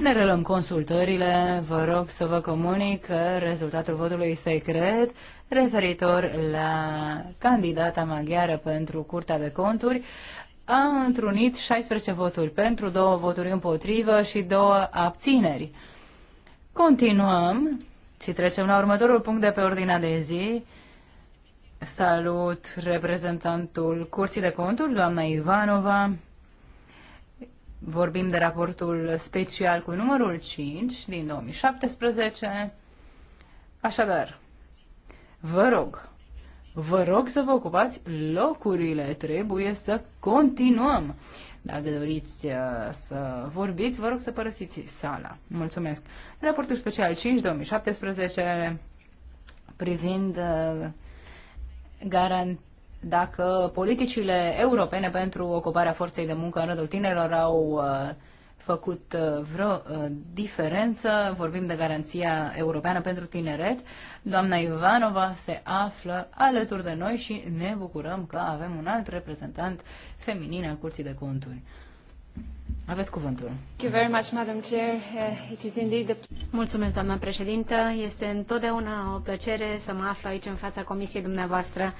ne reluăm consultările, vă rog să vă comunic rezultatul votului secret referitor la candidata maghiară pentru Curtea de Conturi. A întrunit 16 voturi pentru, două voturi împotrivă și două abțineri. Continuăm și trecem la următorul punct de pe ordinea de zi. Salut reprezentantul Curții de Conturi, doamna Ivanova. Vorbim de raportul special cu numărul 5 din 2017. Așadar, vă rog, vă rog să vă ocupați locurile, trebuie să continuăm. Dacă doriți uh, să vorbiți, vă rog să părăsiți sala. Mulțumesc. Raportul special 5-2017 privind uh, garantarea dacă politicile europene pentru ocuparea forței de muncă în rândul tinerilor au uh, făcut uh, vreo uh, diferență. Vorbim de garanția europeană pentru tineret. Doamna Ivanova se află alături de noi și ne bucurăm că avem un alt reprezentant feminin al Curții de Conturi. Aveți cuvântul. Mulțumesc, doamna președintă. Este întotdeauna o plăcere să mă aflu aici în fața comisiei dumneavoastră.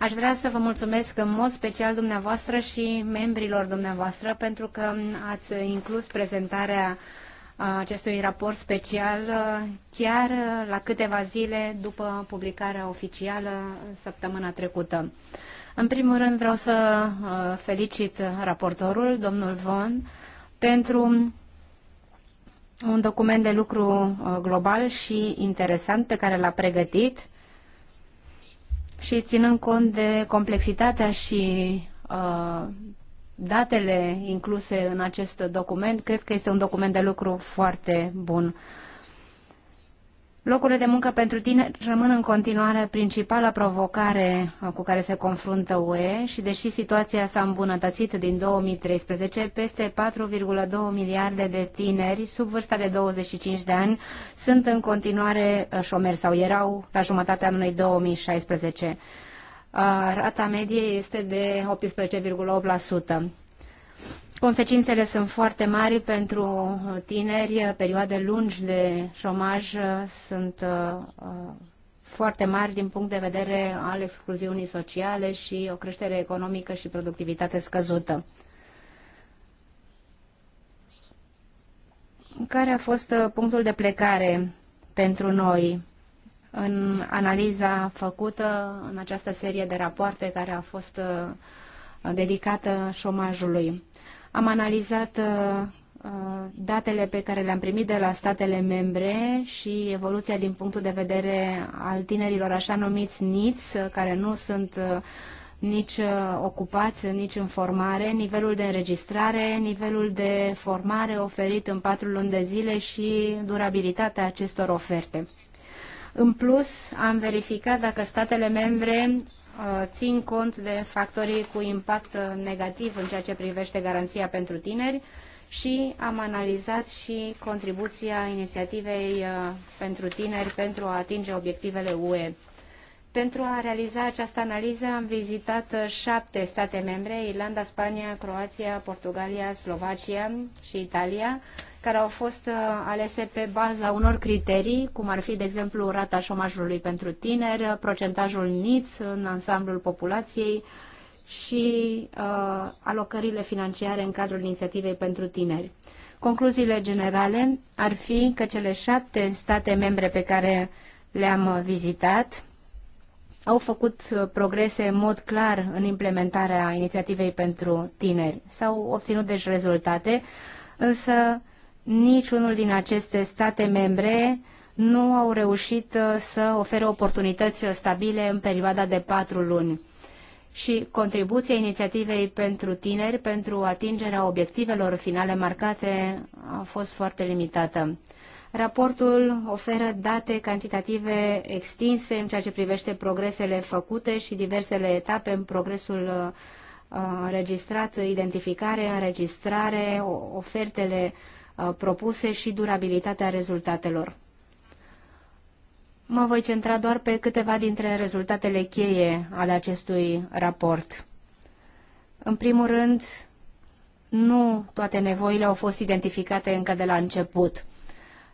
Aș vrea să vă mulțumesc în mod special dumneavoastră și membrilor dumneavoastră pentru că ați inclus prezentarea acestui raport special uh, chiar uh, la câteva zile după publicarea oficială uh, săptămâna trecută. În primul rând vreau să felicit raportorul, domnul Von, pentru un document de lucru global și interesant pe care l-a pregătit și ținând cont de complexitatea și uh, datele incluse în acest document, cred că este un document de lucru foarte bun. Uh, Locurile de muncă pentru tineri rămân în continuare principala provocare uh, cu care se confruntă UE și deși situația s-a îmbunătățit din 2013, peste 4,2 miliarde de tineri sub vârsta de 25 de ani sunt în continuare uh, șomeri sau erau la jumătatea anului 2016. Uh, rata medie este de 18,8%. Consecințele sunt foarte mari pentru tineri, perioade lungi de șomaj uh, sunt uh, uh, foarte mari din punct de vedere al excluziunii sociale și o creștere economică și productivitate scăzută. Care a fost punctul de plecare pentru noi în analiza făcută în această serie de rapoarte care a fost dedicată șomajului? Am analizat uh, uh, datele pe care le-am primit de la statele membre și evoluția din punctul de vedere al tinerilor așa numiți niți, uh, care nu sunt nici ocupați, nici în formare, nivelul de înregistrare, nivelul de formare oferit în patru luni de zile și durabilitatea acestor oferte. În plus, am verificat dacă statele membre Uh, țin cont de factorii cu impact negativ în ceea ce privește garanția pentru tineri și am analizat și contribuția inițiativei uh, pentru tineri pentru a atinge obiectivele UE. Pentru a realiza această analiză am vizitat uh, șapte state membre, Irlanda, Spania, Croația, Portugalia, Slovacia și Italia, care au fost uh, alese pe baza unor criterii, cum ar fi, de exemplu, rata șomajului pentru tineri, procentajul NITS în ansamblul populației și uh, alocările financiare în cadrul inițiativei pentru tineri. Concluziile generale ar fi că cele șapte state membre pe care le-am vizitat au făcut uh, progrese în mod clar în implementarea inițiativei pentru tineri. S-au obținut deci rezultate, însă niciunul din aceste state membre nu au reușit uh, să ofere oportunități stabile în perioada de patru luni. Și contribuția inițiativei pentru tineri pentru atingerea obiectivelor finale marcate a fost foarte limitată. Raportul oferă date cantitative extinse în ceea ce privește progresele făcute și diversele etape în progresul uh, uh, înregistrat, identificare, înregistrare, ofertele uh, Uh, propuse și durabilitatea rezultatelor. Mă voi centra doar pe câteva dintre rezultatele cheie ale acestui raport. În primul rând, nu toate nevoile au fost identificate încă de la început.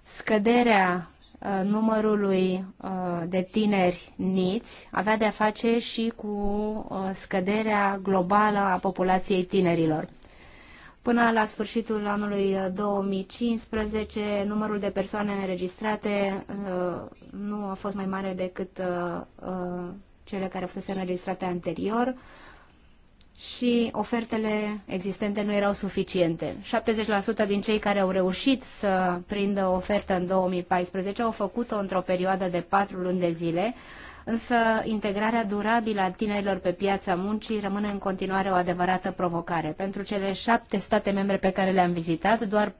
Scăderea uh, numărului uh, de tineri niți avea de-a face și cu scăderea globală a populației tinerilor. Până la sfârșitul anului 2015, uh, numărul de persoane înregistrate uh, nu a fost mai mare decât uh, cele care fusese înregistrate anterior și ofertele existente nu erau suficiente. 70% din cei care au reușit să prindă o ofertă în 2014 au făcut-o într-o perioadă de 4 luni de zile, însă integrarea durabilă a tinerilor pe piața muncii rămâne în continuare o adevărată provocare. Pentru cele șapte state membre pe care le-am vizitat, doar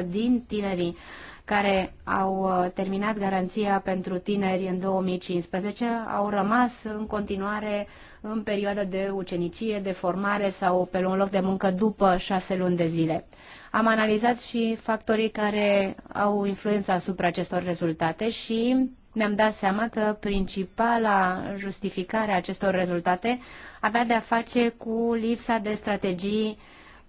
48% din tinerii care au uh, terminat garanția pentru tineri în 2015 au rămas în continuare în perioada de ucenicie, de formare sau pe un loc de muncă după șase luni de zile. Am analizat și factorii care au influența asupra acestor rezultate și mi-am dat seama că principala justificare a acestor rezultate avea de a face cu lipsa de strategii,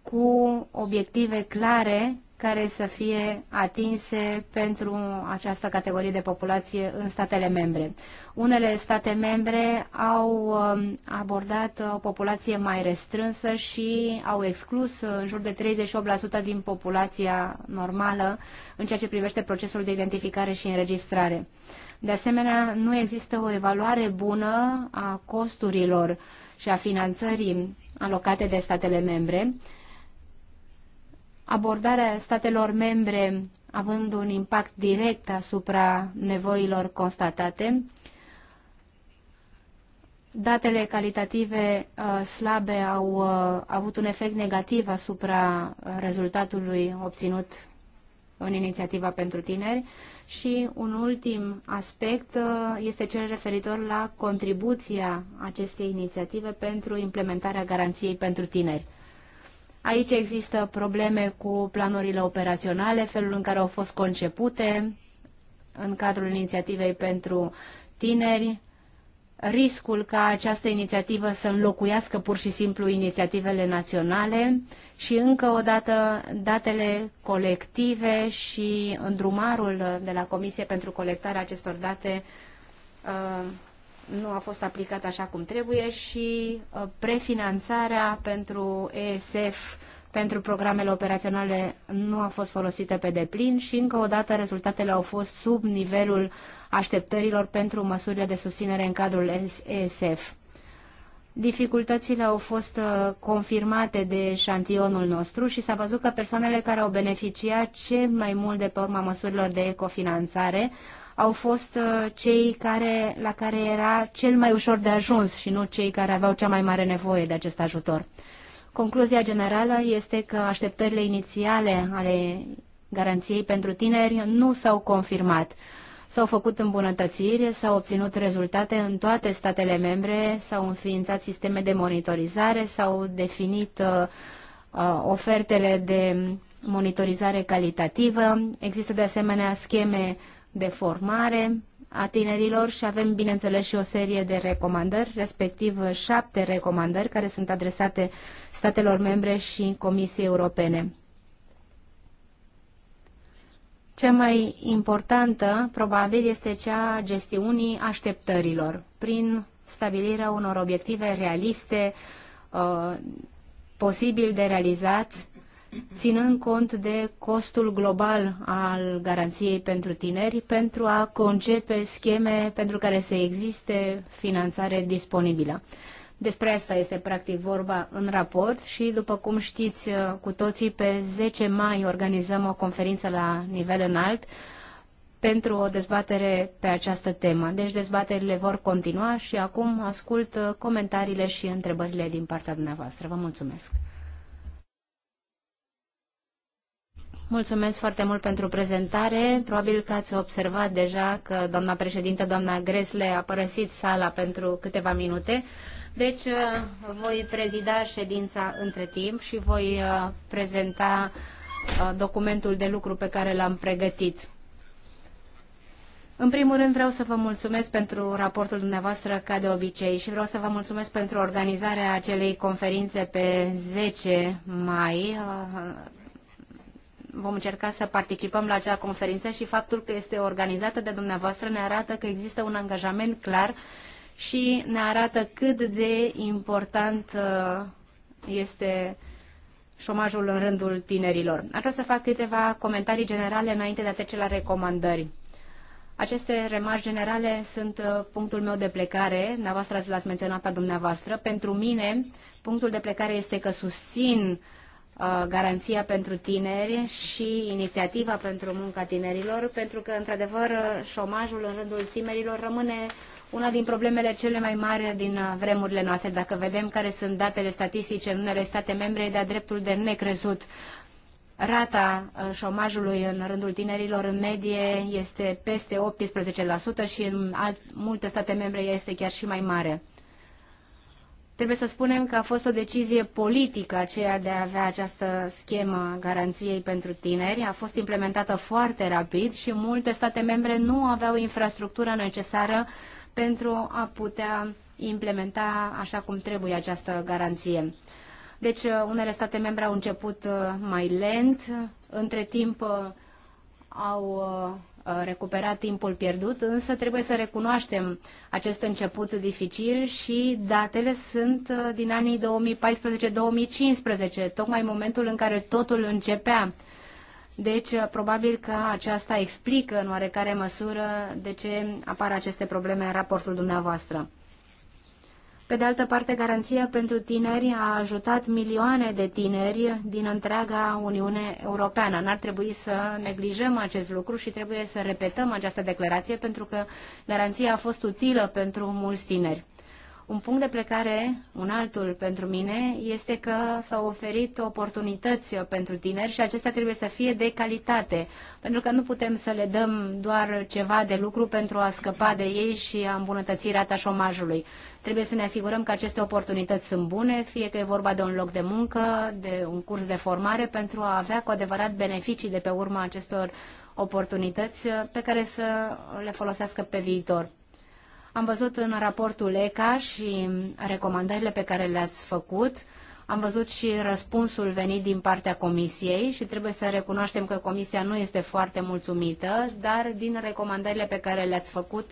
cu obiective clare care să fie atinse pentru această categorie de populație în statele membre. Unele state membre au um, abordat o populație mai restrânsă și au exclus în jur de 38% din populația normală în ceea ce privește procesul de identificare și înregistrare. De asemenea, nu există o evaluare bună a costurilor și a finanțării alocate de statele membre, abordarea statelor membre având un impact direct asupra nevoilor constatate, datele calitative uh, slabe au uh, avut un efect negativ asupra uh, rezultatului obținut în inițiativa pentru tineri și un ultim aspect uh, este cel referitor la contribuția acestei inițiative pentru implementarea garanției pentru tineri. Aici există probleme cu planurile operaționale, felul în care au fost concepute în cadrul inițiativei pentru tineri, riscul ca această inițiativă să înlocuiască pur și simplu inițiativele naționale și încă o dată datele colective și îndrumarul de la Comisie pentru colectarea acestor date uh, nu a fost aplicat așa cum trebuie și uh, prefinanțarea pentru ESF pentru programele operaționale nu a fost folosită pe deplin și încă o dată rezultatele au fost sub nivelul uh, așteptărilor pentru măsurile de susținere în cadrul ESF. Dificultățile au fost uh, confirmate de șantionul nostru și s-a văzut că persoanele care au beneficiat ce mai mult de pe urma măsurilor de ecofinanțare au fost uh, cei care, la care era cel mai ușor de ajuns și nu cei care aveau cea mai mare nevoie de acest ajutor. Concluzia generală este că așteptările inițiale ale garanției pentru tineri nu s-au confirmat. S-au făcut îmbunătățiri, s-au obținut rezultate în toate statele membre, s-au înființat sisteme de monitorizare, s-au definit uh, uh, ofertele de monitorizare calitativă, există de asemenea scheme de formare a tinerilor și avem, bineînțeles, și o serie de recomandări, respectiv șapte recomandări care sunt adresate statelor membre și Comisiei Europene. Cea mai importantă, probabil, este cea a gestiunii așteptărilor, prin stabilirea unor obiective realiste, uh, posibil de realizat, ținând cont de costul global al garanției pentru tineri, pentru a concepe scheme pentru care să existe finanțare disponibilă. Despre asta este practic vorba în raport și, după cum știți uh, cu toții, pe 10 mai organizăm o conferință la nivel înalt pentru o dezbatere pe această temă. Deci dezbaterile vor continua și acum ascult uh, comentariile și întrebările din partea dumneavoastră. Vă mulțumesc! Mulțumesc foarte mult pentru prezentare. Probabil că ați observat deja că doamna președinte, doamna Gresle, a părăsit sala pentru câteva minute. Deci uh, voi prezida ședința între timp și voi uh, prezenta uh, documentul de lucru pe care l-am pregătit. În primul rând vreau să vă mulțumesc pentru raportul dumneavoastră ca de obicei și vreau să vă mulțumesc pentru organizarea acelei conferințe pe 10 mai. Vom încerca să participăm la acea conferință și faptul că este organizată de dumneavoastră ne arată că există un angajament clar și ne arată cât de important uh, este șomajul în rândul tinerilor. Aș vrea să fac câteva comentarii generale înainte de a trece la recomandări. Aceste remarci generale sunt uh, punctul meu de plecare, dumneavoastră l-ați menționat pe dumneavoastră. Pentru mine, punctul de plecare este că susțin uh, garanția pentru tineri și inițiativa pentru munca tinerilor, pentru că, într-adevăr, uh, șomajul în rândul tinerilor rămâne una din problemele cele mai mari din uh, vremurile noastre. Dacă vedem care sunt datele statistice în unele state membre, e de-a dreptul de necrezut. Rata uh, șomajului în rândul tinerilor în medie este peste 18% și în alt, multe state membre este chiar și mai mare. Trebuie să spunem că a fost o decizie politică aceea de a avea această schemă garanției pentru tineri. A fost implementată foarte rapid și multe state membre nu aveau infrastructura necesară uh, pentru a putea implementa așa cum trebuie această garanție. Deci, uh, unele state membre au început uh, mai lent, între timp uh, au recuperat timpul pierdut, însă trebuie să recunoaștem acest început dificil și datele sunt din anii 2014-2015, tocmai momentul în care totul începea deci, uh, probabil că aceasta explică în oarecare măsură de ce apar aceste probleme în raportul dumneavoastră. Pe de altă parte, garanția pentru tineri a ajutat milioane de tineri din întreaga Uniune Europeană. N-ar trebui să neglijăm acest lucru și trebuie să repetăm această declarație pentru că garanția a fost utilă pentru mulți tineri. Un punct de plecare, un altul pentru mine, este că s-au oferit oportunități pentru tineri și acestea trebuie să fie de calitate, pentru că nu putem să le dăm doar ceva de lucru pentru a scăpa de ei și a îmbunătăți rata șomajului. Trebuie să ne asigurăm că aceste oportunități sunt bune, fie că e vorba de un loc de muncă, de un curs de formare, pentru a avea cu adevărat beneficii de pe urma acestor oportunități pe care să le folosească pe viitor. Am văzut în raportul ECA și recomandările pe care le-ați făcut, am văzut și răspunsul venit din partea Comisiei și trebuie să recunoaștem că Comisia nu este foarte mulțumită, dar din recomandările pe care le-ați făcut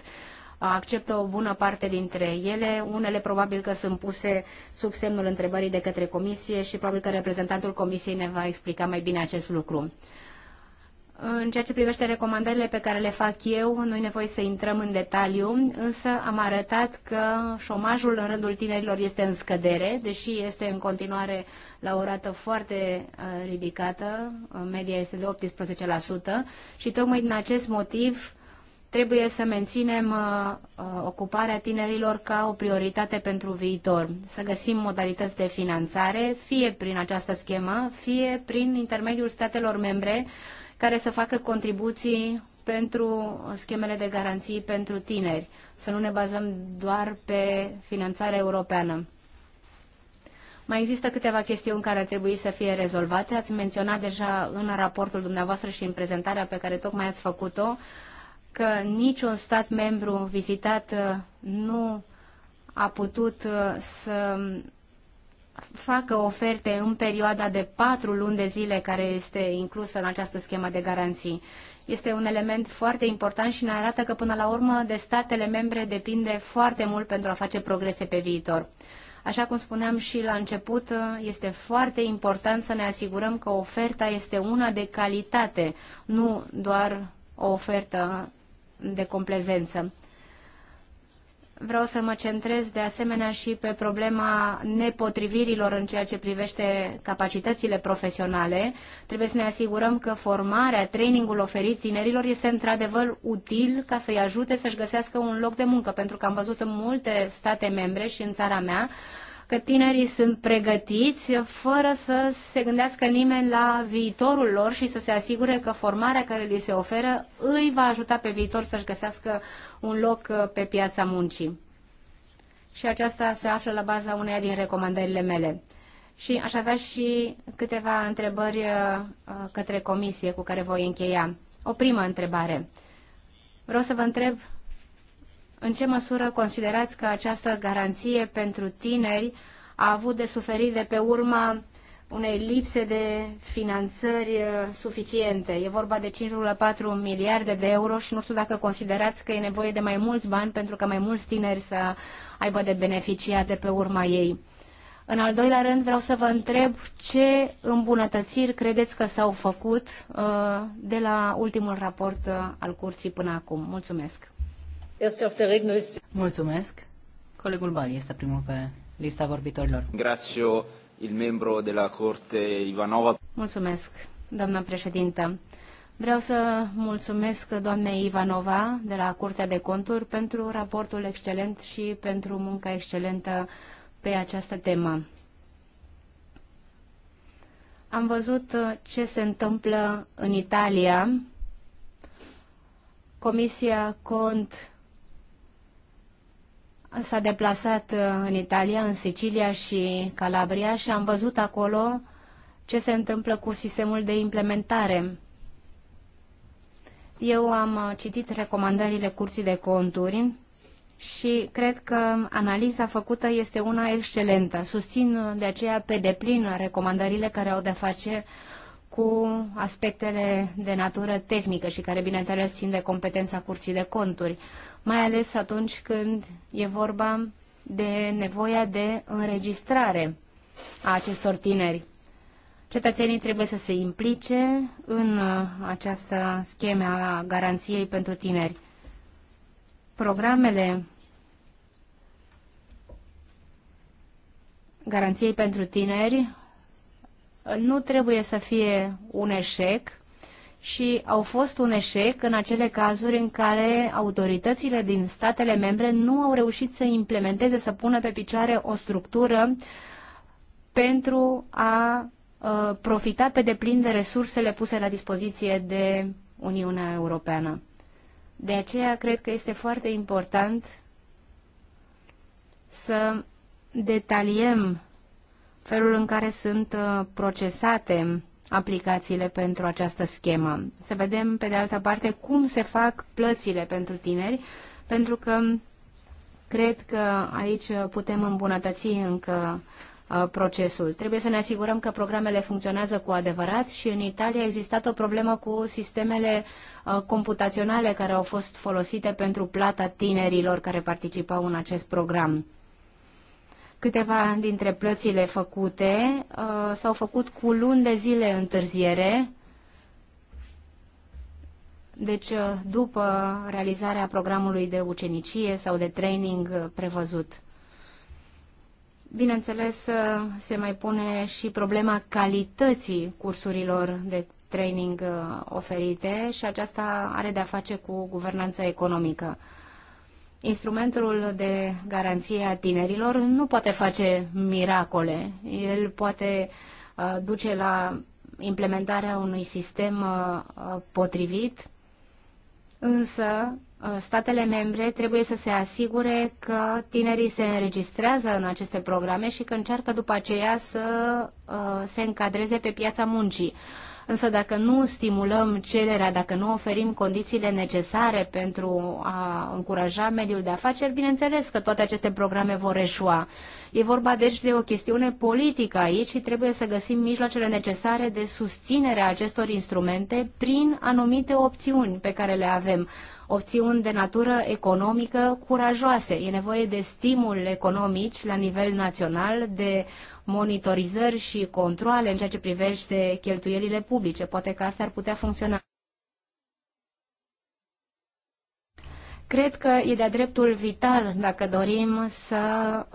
acceptă o bună parte dintre ele. Unele probabil că sunt puse sub semnul întrebării de către Comisie și probabil că reprezentantul Comisiei ne va explica mai bine acest lucru. În ceea ce privește recomandările pe care le fac eu, nu e nevoie să intrăm în detaliu, însă am arătat că șomajul în rândul tinerilor este în scădere, deși este în continuare la o rată foarte uh, ridicată, uh, media este de 18% și tocmai din acest motiv trebuie să menținem uh, ocuparea tinerilor ca o prioritate pentru viitor, să găsim modalități de finanțare, fie prin această schemă, fie prin intermediul statelor membre, care să facă contribuții pentru schemele de garanții pentru tineri, să nu ne bazăm doar pe finanțarea europeană. Mai există câteva chestiuni care ar trebui să fie rezolvate. Ați menționat deja în raportul dumneavoastră și în prezentarea pe care tocmai ați făcut-o că niciun stat membru vizitat nu a putut să facă oferte în perioada de patru luni de zile care este inclusă în această schemă de garanții. Este un element foarte important și ne arată că până la urmă de statele membre depinde foarte mult pentru a face progrese pe viitor. Așa cum spuneam și la început, este foarte important să ne asigurăm că oferta este una de calitate, nu doar o ofertă de complezență. Vreau să mă centrez de asemenea și pe problema nepotrivirilor în ceea ce privește capacitățile profesionale. Trebuie să ne asigurăm că formarea, trainingul oferit tinerilor este într-adevăr util ca să-i ajute să-și găsească un loc de muncă, pentru că am văzut în multe state membre și în țara mea că tinerii sunt pregătiți fără să se gândească nimeni la viitorul lor și să se asigure că formarea care li se oferă îi va ajuta pe viitor să-și găsească un loc uh, pe piața muncii. Și aceasta se află la baza uneia din recomandările mele. Și aș avea și câteva întrebări uh, uh, către comisie cu care voi încheia. O primă întrebare. Vreau să vă întreb în ce măsură considerați că această garanție pentru tineri a avut de suferit de pe urma unei lipse de finanțări uh, suficiente. E vorba de 5,4 miliarde de euro și nu știu dacă considerați că e nevoie de mai mulți bani pentru că mai mulți tineri să aibă de beneficiat de pe urma ei. În al doilea rând vreau să vă întreb ce îmbunătățiri credeți că s-au făcut uh, de la ultimul raport uh, al curții până acum. Mulțumesc! Este auf der Mulțumesc. Colegul Bali este primul pe lista vorbitorilor. Grazie il membru de la Corte Ivanova. Mulțumesc, doamna președintă. Vreau să mulțumesc doamnei Ivanova de la Curtea de Conturi pentru raportul excelent și pentru munca excelentă pe această temă. Am văzut ce se întâmplă în Italia. Comisia Cont S-a deplasat uh, în Italia, în Sicilia și Calabria și am văzut acolo ce se întâmplă cu sistemul de implementare. Eu am uh, citit recomandările Curții de Conturi și cred că analiza făcută este una excelentă. Susțin uh, de aceea pe deplin recomandările care au de face cu aspectele de natură tehnică și care, bineînțeles, țin de competența Curții de Conturi mai ales atunci când e vorba de nevoia de înregistrare a acestor tineri. Cetățenii trebuie să se implice în uh, această scheme a garanției pentru tineri. Programele garanției pentru tineri nu trebuie să fie un eșec, și au fost un eșec în acele cazuri în care autoritățile din statele membre nu au reușit să implementeze, să pună pe picioare o structură pentru a profita pe deplin de resursele puse la dispoziție de Uniunea Europeană. De aceea cred că este foarte important să detaliem felul în care sunt procesate aplicațiile pentru această schemă. Să vedem, pe de altă parte, cum se fac plățile pentru tineri, pentru că cred că aici putem îmbunătăți încă uh, procesul. Trebuie să ne asigurăm că programele funcționează cu adevărat și în Italia a existat o problemă cu sistemele uh, computaționale care au fost folosite pentru plata tinerilor care participau în acest program. Câteva dintre plățile făcute uh, s-au făcut cu luni de zile întârziere, deci uh, după realizarea programului de ucenicie sau de training uh, prevăzut. Bineînțeles, uh, se mai pune și problema calității cursurilor de training uh, oferite și aceasta are de-a face cu guvernanța economică. Instrumentul de garanție a tinerilor nu poate face miracole. El poate uh, duce la implementarea unui sistem uh, potrivit, însă uh, statele membre trebuie să se asigure că tinerii se înregistrează în aceste programe și că încearcă după aceea să se încadreze pe piața muncii. Însă dacă nu stimulăm cererea, dacă nu oferim condițiile necesare pentru a încuraja mediul de afaceri, bineînțeles că toate aceste programe vor eșua. E vorba deci de o chestiune politică aici și trebuie să găsim mijloacele necesare de susținere a acestor instrumente prin anumite opțiuni pe care le avem opțiuni de natură economică curajoase. E nevoie de stimul economici la nivel național, de monitorizări și controle în ceea ce privește cheltuielile publice. Poate că asta ar putea funcționa. Cred că e de-a dreptul vital dacă dorim să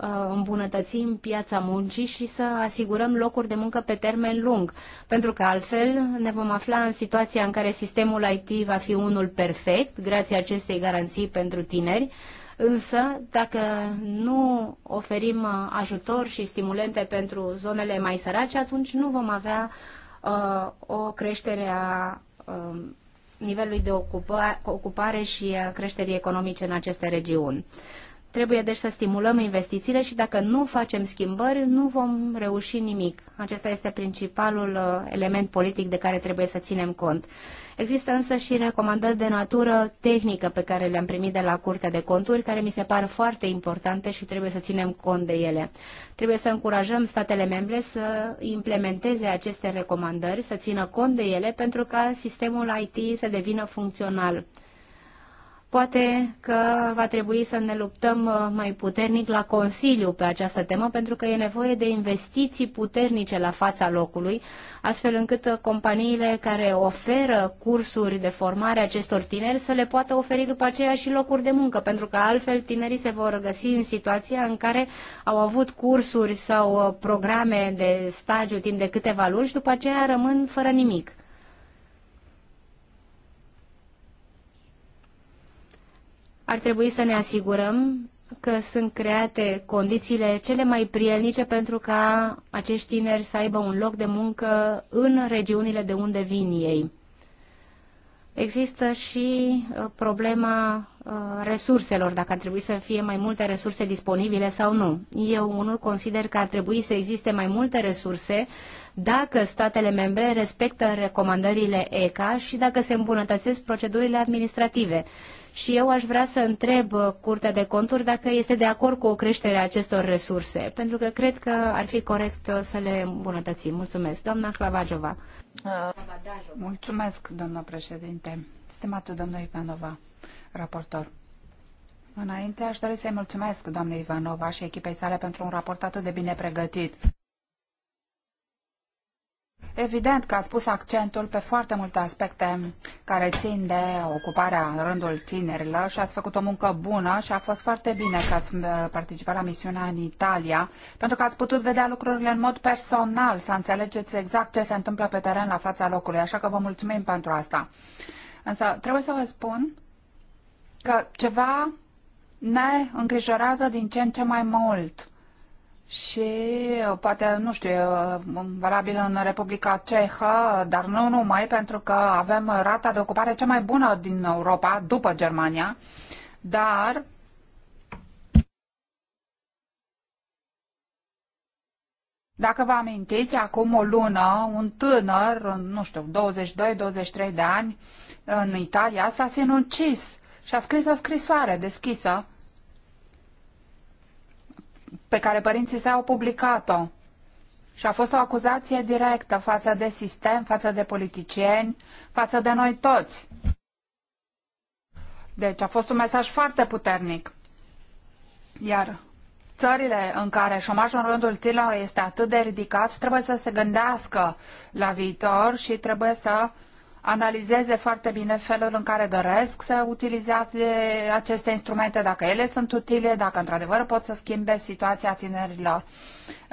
uh, îmbunătățim piața muncii și să asigurăm locuri de muncă pe termen lung, pentru că altfel ne vom afla în situația în care sistemul IT va fi unul perfect, grație acestei garanții pentru tineri, Însă, dacă nu oferim uh, ajutor și stimulente pentru zonele mai sărace, atunci nu vom avea uh, o creștere a uh, nivelului de ocupare și a creșterii economice în aceste regiuni. Uh, Trebuie deci să stimulăm investițiile și dacă nu facem schimbări, nu vom reuși nimic. Acesta este principalul uh, element politic de care trebuie să ținem cont. Există însă și recomandări de natură tehnică pe care le-am primit de la Curtea de Conturi, care mi se par foarte importante și trebuie să ținem cont de ele. Trebuie să încurajăm statele membre să implementeze aceste recomandări, să țină cont de ele pentru ca sistemul IT să devină funcțional. Poate că va trebui să ne luptăm uh, mai puternic la Consiliu pe această temă, pentru că e nevoie de investiții puternice la fața locului, astfel încât uh, companiile care oferă cursuri de formare acestor tineri să le poată oferi după aceea și locuri de muncă, pentru că altfel tinerii se vor găsi în situația în care au avut cursuri sau uh, programe de stagiu timp de câteva luni și după aceea rămân fără nimic. Ar trebui să ne asigurăm că sunt create condițiile cele mai prielnice pentru ca acești tineri să aibă un loc de muncă în regiunile de unde vin ei. Există și uh, problema uh, resurselor, dacă ar trebui să fie mai multe resurse disponibile sau nu. Eu unul consider că ar trebui să existe mai multe resurse dacă statele membre respectă recomandările ECA și dacă se îmbunătățesc procedurile administrative. Și eu aș vrea să întreb uh, Curtea de Conturi dacă este de acord cu o creștere a acestor resurse, pentru că cred că ar fi corect uh, să le îmbunătățim. Mulțumesc. Doamna Clavajova. Uh, mulțumesc, doamna președinte. Stimatul domnul Ivanova, raportor. Înainte aș dori să-i mulțumesc doamnei Ivanova și echipei sale pentru un raport atât de bine pregătit. Evident că ați pus accentul pe foarte multe aspecte care țin de ocuparea în rândul tinerilor și ați făcut o muncă bună și a fost foarte bine că ați uh, participat la misiunea în Italia, pentru că ați putut vedea lucrurile în mod personal, să înțelegeți exact ce se întâmplă pe teren la fața locului, așa că vă mulțumim pentru asta. Însă trebuie să vă spun că ceva ne îngrijorează din ce în ce mai mult și uh, poate, nu știu, um, valabil în Republica Cehă, dar nu numai, pentru că avem rata de ocupare cea mai bună din Europa, după Germania, dar Dacă vă amintiți, acum o lună, un tânăr, nu știu, 22-23 de ani, în Italia, s-a sinucis și a scris o scrisoare deschisă pe care părinții săi au publicat-o. Și a fost o acuzație directă față de sistem, față de politicieni, față de noi toți. Deci a fost un mesaj foarte puternic. Iar țările în care șomajul în rândul tinerilor este atât de ridicat, trebuie să se gândească la viitor și trebuie să uh, analizeze foarte bine felul în care doresc să utilizeze aceste instrumente, dacă ele sunt utile, dacă într-adevăr pot să schimbe situația tinerilor.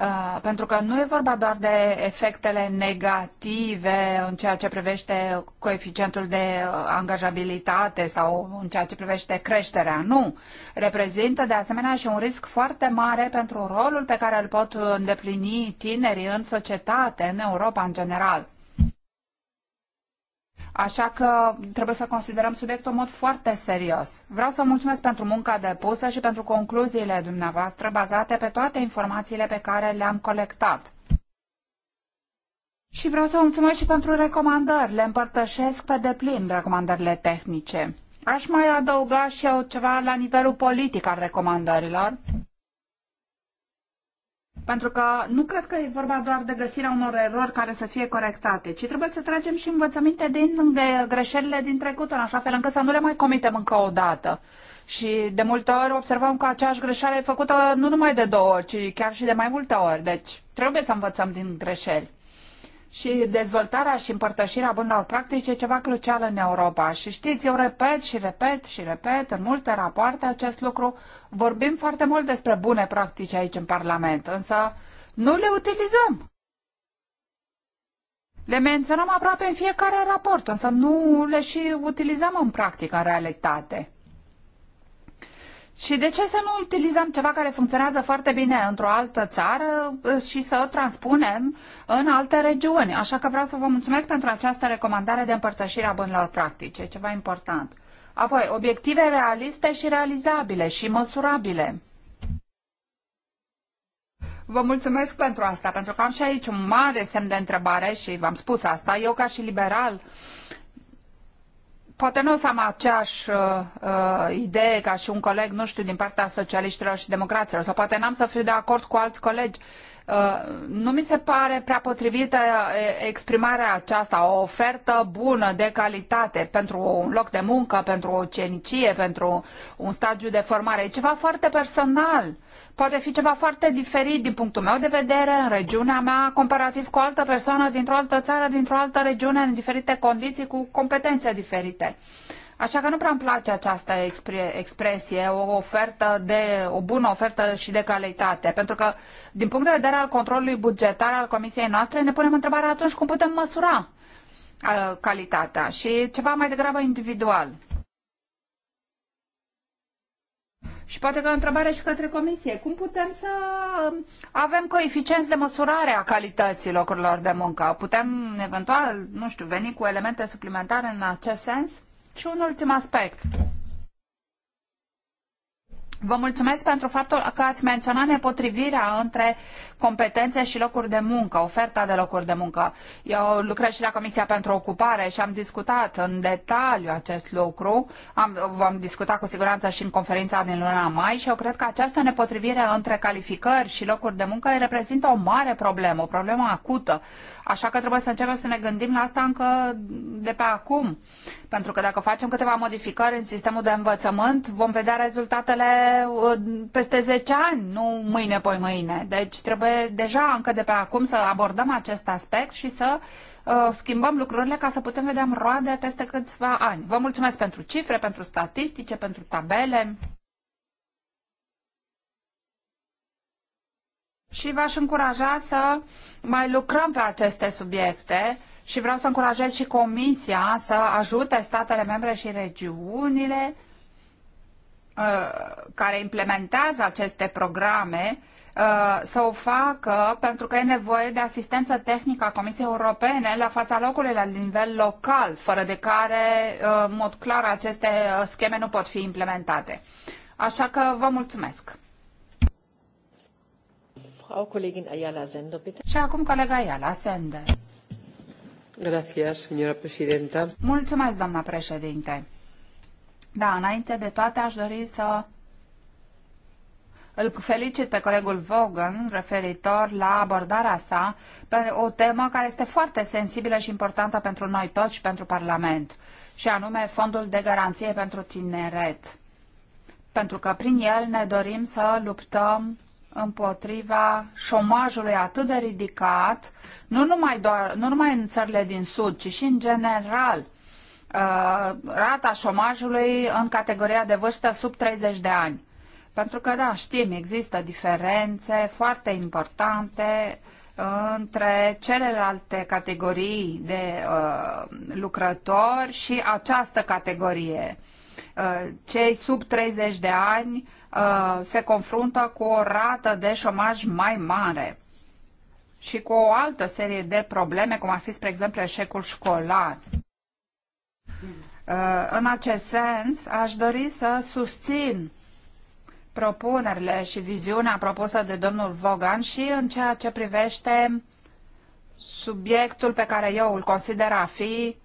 Uh, pentru că nu e vorba doar de efectele negative în ceea ce privește coeficientul de uh, angajabilitate sau în ceea ce privește creșterea, nu. Reprezintă de asemenea și un risc foarte mare pentru rolul pe care îl pot îndeplini tinerii în societate, în Europa în general. Așa că trebuie să considerăm subiectul în mod foarte serios. Vreau să mulțumesc pentru munca depusă și pentru concluziile dumneavoastră bazate pe toate informațiile pe care le-am colectat. Și vreau să mulțumesc și pentru recomandări. Le împărtășesc pe deplin recomandările tehnice. Aș mai adăuga și eu ceva la nivelul politic al recomandărilor. Pentru că nu cred că e vorba doar de găsirea unor erori care să fie corectate, ci trebuie să tragem și învățăminte din de greșelile din trecut, în așa fel încât să nu le mai comitem încă o dată. Și de multe ori observăm că aceeași greșeală e făcută nu numai de două ori, ci chiar și de mai multe ori. Deci trebuie să învățăm din greșeli și dezvoltarea și împărtășirea bunelor practici e ceva crucial în Europa. Și știți, eu repet și repet și repet în multe rapoarte acest lucru. Vorbim foarte mult despre bune practici aici în Parlament, însă nu le utilizăm. Le menționăm aproape în fiecare raport, însă nu le și utilizăm în practică, în realitate. Și de ce să nu utilizăm ceva care funcționează foarte bine într-o altă țară eh, și să o transpunem în alte regiuni? Așa că vreau să vă mulțumesc pentru această recomandare de împărtășire a bunilor practice, ceva important. Apoi, obiective realiste și realizabile și măsurabile. Vă mulțumesc pentru asta, pentru că am și aici un mare semn de întrebare și v-am spus asta. Eu, ca și liberal, Poate nu o să am aceeași uh, uh, idee ca și un coleg, nu știu, din partea socialiștilor și democraților, sau poate n-am să fiu de acord cu alți colegi Uh, nu mi se pare prea potrivită uh, exprimarea aceasta, o ofertă bună, de calitate pentru un loc de muncă, pentru o cenicie, pentru un stagiu de formare. E ceva foarte personal. Poate fi ceva foarte diferit din punctul meu de vedere în regiunea mea, comparativ cu o altă persoană dintr-o altă țară, dintr-o altă regiune, în diferite condiții, cu competențe diferite. Uh, Așa că nu prea îmi place această expresie, o ofertă de, o bună ofertă și de calitate, pentru că din punct de vedere al controlului bugetar al comisiei noastre ne punem întrebarea atunci cum putem măsura uh, calitatea și ceva mai degrabă individual. Și poate că o întrebare și către comisie. Cum putem să um, avem coeficienți de măsurare a calității locurilor de muncă? Putem, eventual, nu știu, veni cu elemente suplimentare în acest sens? Și un ultim aspect. Vă mulțumesc pentru faptul că ați menționat nepotrivirea între competențe și locuri de muncă, oferta de locuri de muncă. Eu lucrez și la Comisia pentru Ocupare și am discutat în detaliu acest lucru. Am, vom discuta cu siguranță și în conferința din luna mai și eu cred că această nepotrivire între calificări și locuri de muncă reprezintă o mare problemă, o problemă acută. Așa că trebuie să începem să ne gândim la asta încă de pe acum. Pentru că dacă facem câteva modificări în sistemul de învățământ, vom vedea rezultatele uh, peste 10 ani, nu mâine, poi mâine. Deci trebuie trebuie deja încă de pe acum să abordăm acest aspect și să uh, schimbăm lucrurile ca să putem vedea roade peste câțiva ani. Vă mulțumesc pentru cifre, pentru statistice, pentru tabele. și v-aș încuraja să mai lucrăm pe aceste subiecte și vreau să încurajez și Comisia să ajute statele membre și regiunile uh, care implementează aceste programe uh, să o facă pentru că e nevoie de asistență tehnică a Comisiei Europene la fața locului la nivel local, fără de care, uh, în mod clar, aceste uh, scheme nu pot fi implementate. Așa că vă mulțumesc. Frau Kollegin Ayala Sender, bitte. Și acum colega Ayala Sender. Gracias, señora presidenta. Mulțumesc, doamna președinte. Da, înainte de toate aș dori să îl felicit pe colegul Vaughan referitor la abordarea sa pe o temă care este foarte sensibilă și importantă pentru noi toți și pentru Parlament, și anume Fondul de Garanție pentru Tineret. Pentru că prin el ne dorim să luptăm împotriva șomajului atât de ridicat, nu numai, doar, nu numai în țările din Sud, ci și în general. Uh, rata șomajului în categoria de vârstă sub 30 de ani. Pentru că, da, știm, există diferențe foarte importante uh, între celelalte categorii de uh, lucrători și această categorie. Uh, cei sub 30 de ani uh, se confruntă cu o rată de șomaj mai mare și cu o altă serie de probleme, cum ar fi, spre exemplu, eșecul școlar. Uh, în acest sens, aș dori să susțin propunerile și viziunea propusă de domnul Vogan și în ceea ce privește subiectul pe care eu îl consider a fi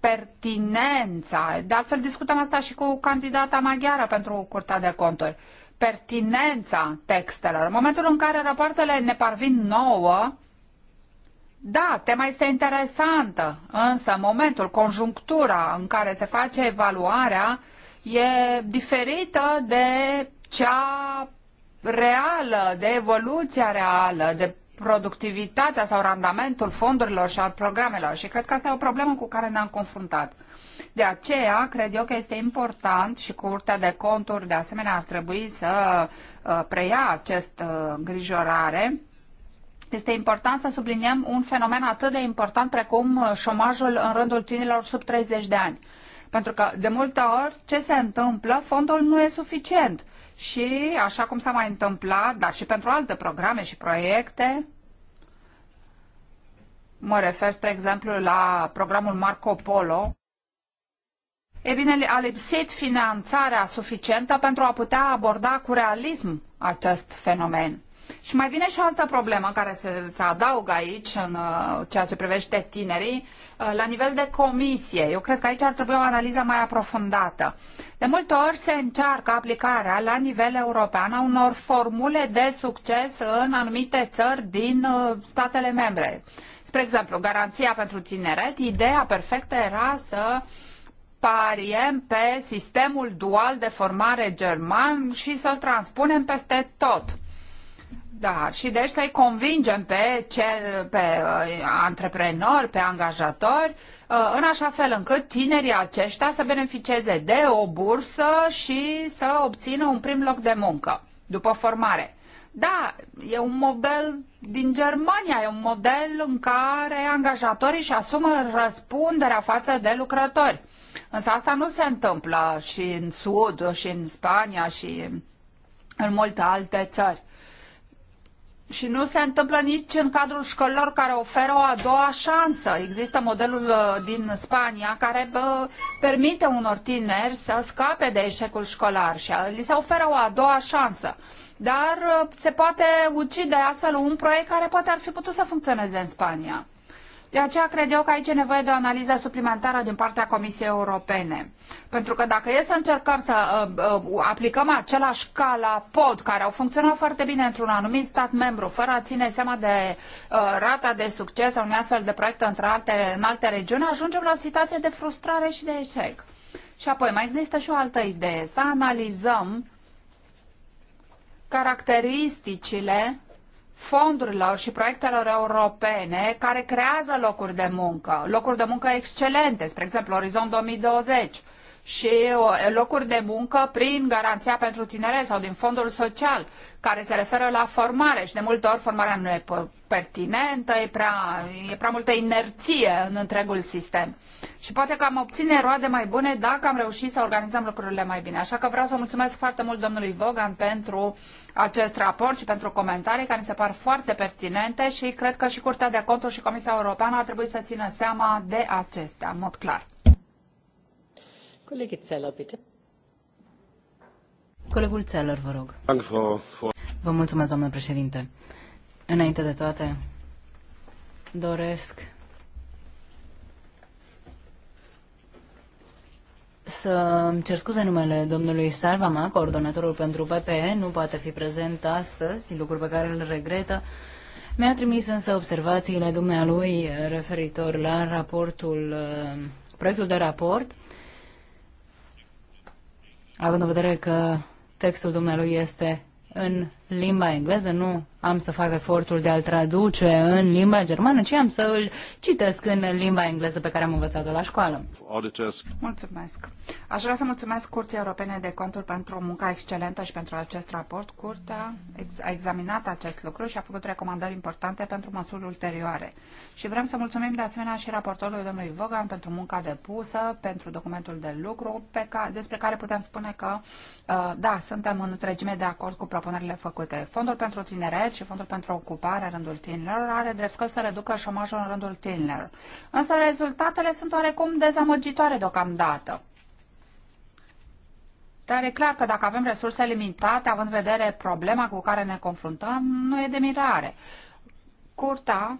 pertinența. De altfel discutăm asta și cu candidata maghiară pentru Curtea de Conturi. Pertinența textelor. În momentul în care rapoartele ne parvin nouă, da, tema este interesantă, însă momentul, conjunctura în care se face evaluarea, e diferită de cea reală, de evoluția reală, de productivitatea sau randamentul fondurilor și al programelor și cred că asta e o problemă cu care ne-am confruntat. De aceea, cred eu că este important și Curtea de Conturi de asemenea ar trebui să uh, preia acest uh, îngrijorare. Este important să subliniem un fenomen atât de important precum uh, șomajul în rândul tinerilor sub 30 de ani. Pentru că, de multe ori, ce se întâmplă, fondul nu e suficient. Și, așa cum s-a mai întâmplat, dar și pentru alte programe și proiecte, mă refer, spre exemplu, la programul Marco Polo, E bine, a lipsit finanțarea suficientă pentru a putea aborda cu realism acest fenomen. Și mai vine și o altă problemă care se, adaugă aici în uh, ceea ce privește tinerii, uh, la nivel de comisie. Eu cred că aici ar trebui o analiză mai aprofundată. De multe ori se încearcă aplicarea la nivel european a unor formule de succes în anumite țări din uh, statele membre. Spre exemplu, garanția pentru tineret, ideea perfectă era să pariem pe sistemul dual de formare german și să-l transpunem peste tot. Da, și deci să-i convingem pe, ce, pe uh, antreprenori, pe angajatori, uh, în așa fel încât tinerii aceștia să beneficieze de o bursă și să obțină un prim loc de muncă după formare. Da, e un model din Germania, e un model în care angajatorii își asumă răspunderea față de lucrători. Însă asta nu se întâmplă și în Sud, și în Spania, și în multe alte țări și nu se întâmplă nici în cadrul școlilor care oferă o a doua șansă. Există modelul uh, din Spania care permite unor tineri să scape de eșecul școlar și uh, li se oferă o a doua șansă. Dar uh, se poate ucide astfel un proiect care poate ar fi putut să funcționeze în Spania. De aceea cred eu că aici e nevoie de o analiză suplimentară din partea Comisiei Europene. Pentru că dacă e să încercăm să uh, uh, aplicăm același ca la pod, care au funcționat foarte bine într-un anumit stat membru, fără a ține seama de uh, rata de succes a unui astfel de proiect între alte, în alte regiuni, ajungem la o situație de frustrare și de eșec. Și apoi mai există și o altă idee, să analizăm caracteristicile fondurilor și proiectelor europene care creează locuri de muncă, locuri de muncă excelente, spre exemplu Orizont 2020 și locuri de muncă prin garanția pentru tinere sau din fondul social, care se referă la formare și de multe ori formarea nu e pertinentă, e prea, e prea multă inerție în întregul sistem. Și poate că am obține roade mai bune dacă am reușit să organizăm lucrurile mai bine. Așa că vreau să mulțumesc foarte mult domnului Vogan pentru acest raport și pentru comentarii care mi se par foarte pertinente și cred că și Curtea de Conturi și Comisia Europeană ar trebui să țină seama de acestea, în mod clar. Colegii Țelă, bine. Colegul Țelăr, vă rog. Vă mulțumesc, doamnă președinte. Înainte de toate, doresc să cer scuze numele domnului Salvama, coordonatorul pentru PPE, nu poate fi prezent astăzi, Lucruri pe care îl regretă. Mi-a trimis însă observațiile dumnealui referitor la raportul, uh, proiectul de raport având în vedere că textul dumnealui este în limba engleză, nu am să fac efortul de a-l traduce în limba germană, ci am să îl citesc în limba engleză pe care am învățat-o la școală. Auditesc. Mulțumesc. Aș vrea să mulțumesc Curții Europene de Conturi pentru munca excelentă și pentru acest raport. Curtea a examinat acest lucru și a făcut recomandări importante pentru măsuri ulterioare. Și vrem să mulțumim de asemenea și raportorului domnului Vogan pentru munca depusă, pentru documentul de lucru, pe ca, despre care putem spune că, uh, da, suntem în întregime de acord cu propunerile făcute făcute. Fondul pentru tineret și fondul pentru ocupare în rândul tinerilor are drept scop să reducă șomajul în rândul tinerilor. Însă rezultatele sunt oarecum dezamăgitoare deocamdată. Dar e clar că dacă avem resurse limitate, având în vedere problema cu care ne confruntăm, nu e de mirare. Curta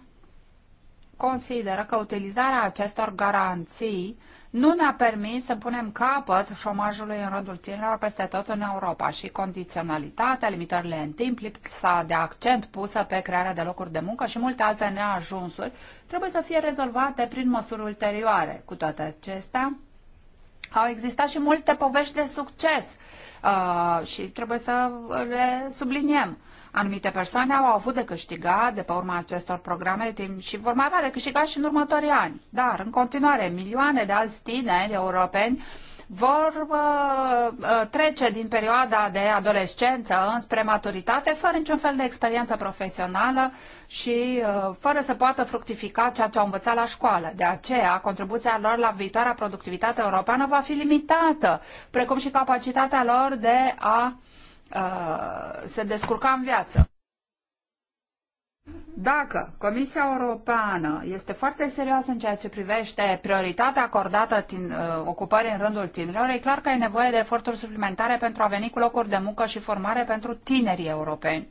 consideră că utilizarea acestor garanții nu ne-a permis să punem capăt șomajului în rândul tinerilor peste tot în Europa și condiționalitatea, limitările în timp, lipsa de accent pusă pe crearea de locuri de muncă și multe alte neajunsuri trebuie să fie rezolvate prin măsuri ulterioare. Cu toate acestea, au existat și multe povești de succes uh, și trebuie să le subliniem. Uh, Anumite persoane au avut de câștigat de pe urma acestor programe timp și vor mai avea de câștigat și în următorii ani. Dar, în continuare, milioane de alți tineri europeni vor uh, uh, trece din perioada de adolescență înspre maturitate fără niciun fel de experiență profesională și uh, fără să poată fructifica ceea ce au învățat la școală. De aceea, contribuția lor la viitoarea productivitate europeană va fi limitată, precum și capacitatea lor de a uh, Uh, se descurca în viață. Dacă Comisia Europeană este foarte serioasă în ceea ce privește prioritatea acordată tin, uh, ocupării în rândul tinerilor, e clar că e nevoie de eforturi suplimentare pentru a veni cu locuri de muncă și formare pentru tinerii europeni.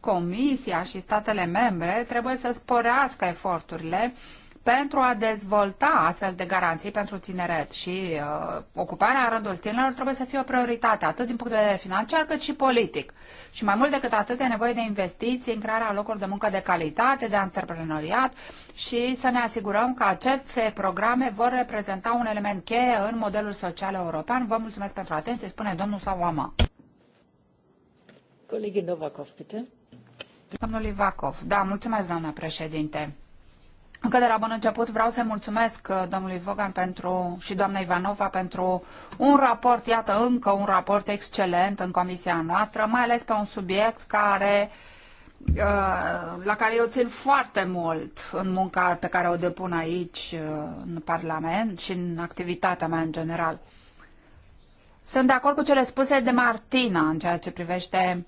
Comisia și statele membre trebuie să sporească eforturile uh, pentru a dezvolta astfel de garanții pentru tineret și uh, ocuparea în rândul tinerilor trebuie să fie o prioritate, atât din punct de vedere financiar cât și politic. Și mai mult decât atât e nevoie de investiții în crearea locurilor de muncă de calitate, de antreprenoriat și să ne asigurăm că aceste programe vor reprezenta un element cheie în modelul social european. Vă mulțumesc pentru atenție, spune domnul Sawama. Colegii Novakov, pute. Domnul Ivakov, da, mulțumesc, doamna președinte. Încă de la bun început vreau să-i mulțumesc uh, domnului Vogan pentru, și doamna Ivanova pentru un raport, iată încă un raport excelent în comisia noastră, mai ales pe un subiect care, uh, la care eu țin foarte mult în munca pe care o depun aici uh, în Parlament și în activitatea mea în general. Sunt de acord cu cele spuse de Martina în ceea ce privește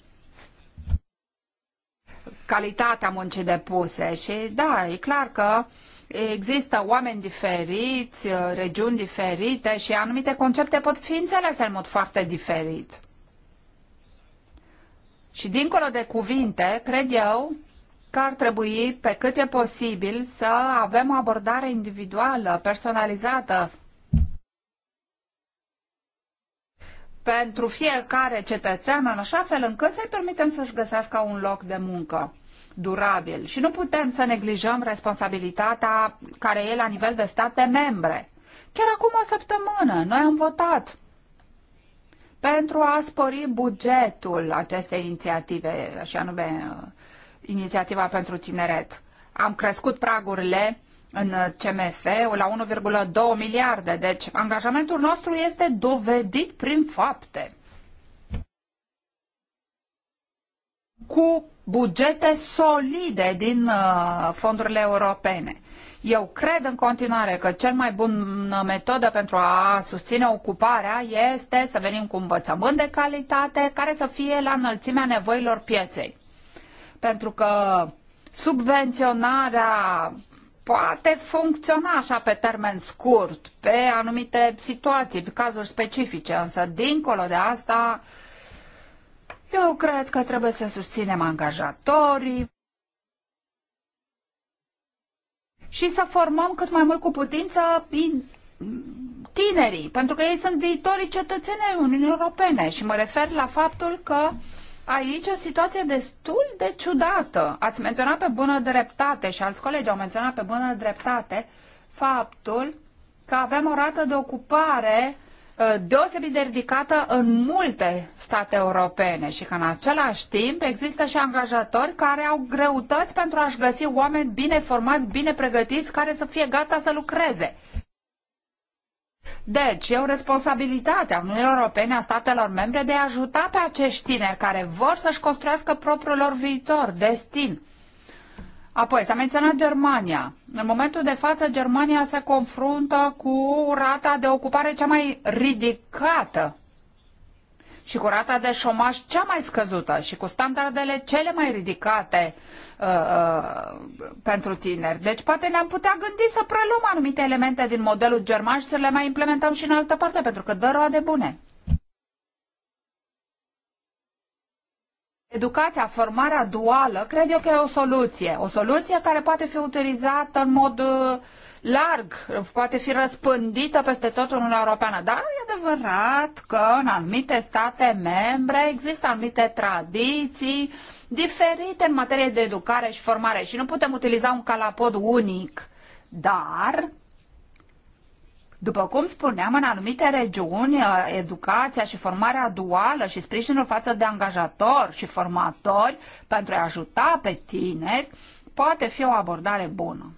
calitatea muncii depuse și da, e clar că există oameni diferiți, uh, regiuni diferite și anumite concepte pot fi înțelese în mod foarte diferit. Și dincolo de cuvinte, cred eu că ar trebui, pe cât e posibil, să avem o abordare individuală, personalizată pentru fiecare cetățean, în așa fel încât să-i permitem să-și găsească un loc de muncă durabil. Și nu putem să neglijăm responsabilitatea care e la nivel de state membre. Chiar acum o săptămână noi am votat pentru a spori bugetul acestei inițiative, așa nume uh, inițiativa pentru tineret. Am crescut pragurile în CMF la 1,2 miliarde. Deci angajamentul nostru este dovedit prin fapte. Cu bugete solide din uh, fondurile europene. Eu cred în continuare că cel mai bun uh, metodă pentru a susține ocuparea este să venim cu învățământ de calitate care să fie la înălțimea nevoilor pieței. Pentru că subvenționarea poate funcționa așa pe termen scurt, pe anumite situații, pe cazuri specifice, însă dincolo de asta, eu cred că trebuie să susținem angajatorii și să formăm cât mai mult cu putință tinerii, pentru că ei sunt viitorii cetățenii Uniunii Europene și mă refer la faptul că aici o situație destul de ciudată. Ați menționat pe bună dreptate și alți colegi au menționat pe bună dreptate faptul că avem o rată de ocupare ă, deosebit de ridicată în multe state europene și că în același timp există și angajatori care au greutăți pentru a-și găsi oameni bine formați, bine pregătiți, care să fie gata să lucreze. Deci, e o responsabilitate a Uniunii Europene, a statelor membre, de a ajuta pe acești tineri care vor să-și construiască propriul lor viitor, destin. Apoi, s-a menționat Germania. În momentul de față, Germania se confruntă cu rata de ocupare cea mai ridicată și cu rata de șomaj cea mai scăzută și cu standardele cele mai ridicate Uh, uh, pentru tineri. Deci poate ne-am putea gândi să preluăm anumite elemente din modelul german și să le mai implementăm și în altă parte, pentru că dă roade bune. Educația, formarea duală, cred eu că e o soluție. O soluție care poate fi utilizată în mod uh, larg, poate fi răspândită peste tot în Uniunea Europeană. Dar e adevărat că în anumite state membre există anumite tradiții diferite în materie de educare și formare și nu putem utiliza un calapod unic. Dar după cum spuneam, în anumite regiuni, uh, educația și formarea duală și sprijinul față de angajatori și formatori pentru a ajuta pe tineri poate fi o abordare bună.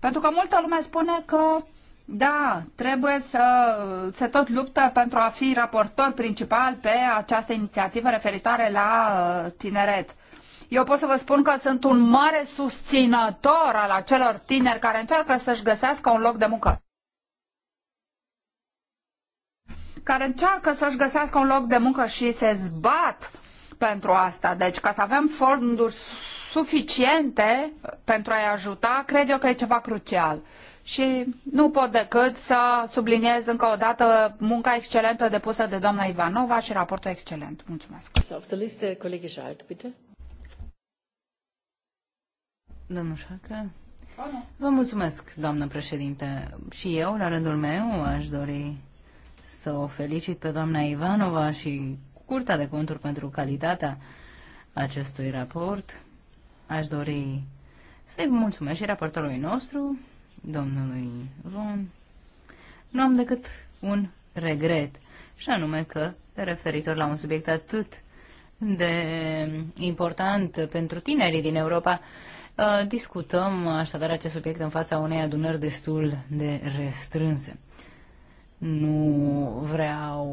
Pentru că multă lume spune că da, trebuie să se tot luptă pentru a fi raportor principal pe această inițiativă referitoare la uh, tineret. Eu pot să vă spun că sunt un mare susținător al acelor tineri care încearcă să-și găsească un loc de muncă. Care încearcă să-și găsească un loc de muncă și se zbat pentru asta. Deci, ca să avem fonduri suficiente pentru a-i ajuta, cred eu că e ceva crucial. Și nu pot decât să subliniez încă o dată munca excelentă depusă de doamna Ivanova și raportul excelent. Mulțumesc. Domnul Șacă. Oh, Vă mulțumesc, doamnă președinte. Și eu, la rândul meu, aș dori să o felicit pe doamna Ivanova și Curtea de Conturi pentru calitatea acestui raport. Aș dori să-i mulțumesc și raportorului nostru, domnului Von. Nu am decât un regret, și anume că, referitor la un subiect atât de important pentru tinerii din Europa, ă, discutăm așadar acest subiect în fața unei adunări destul de restrânse. Nu vreau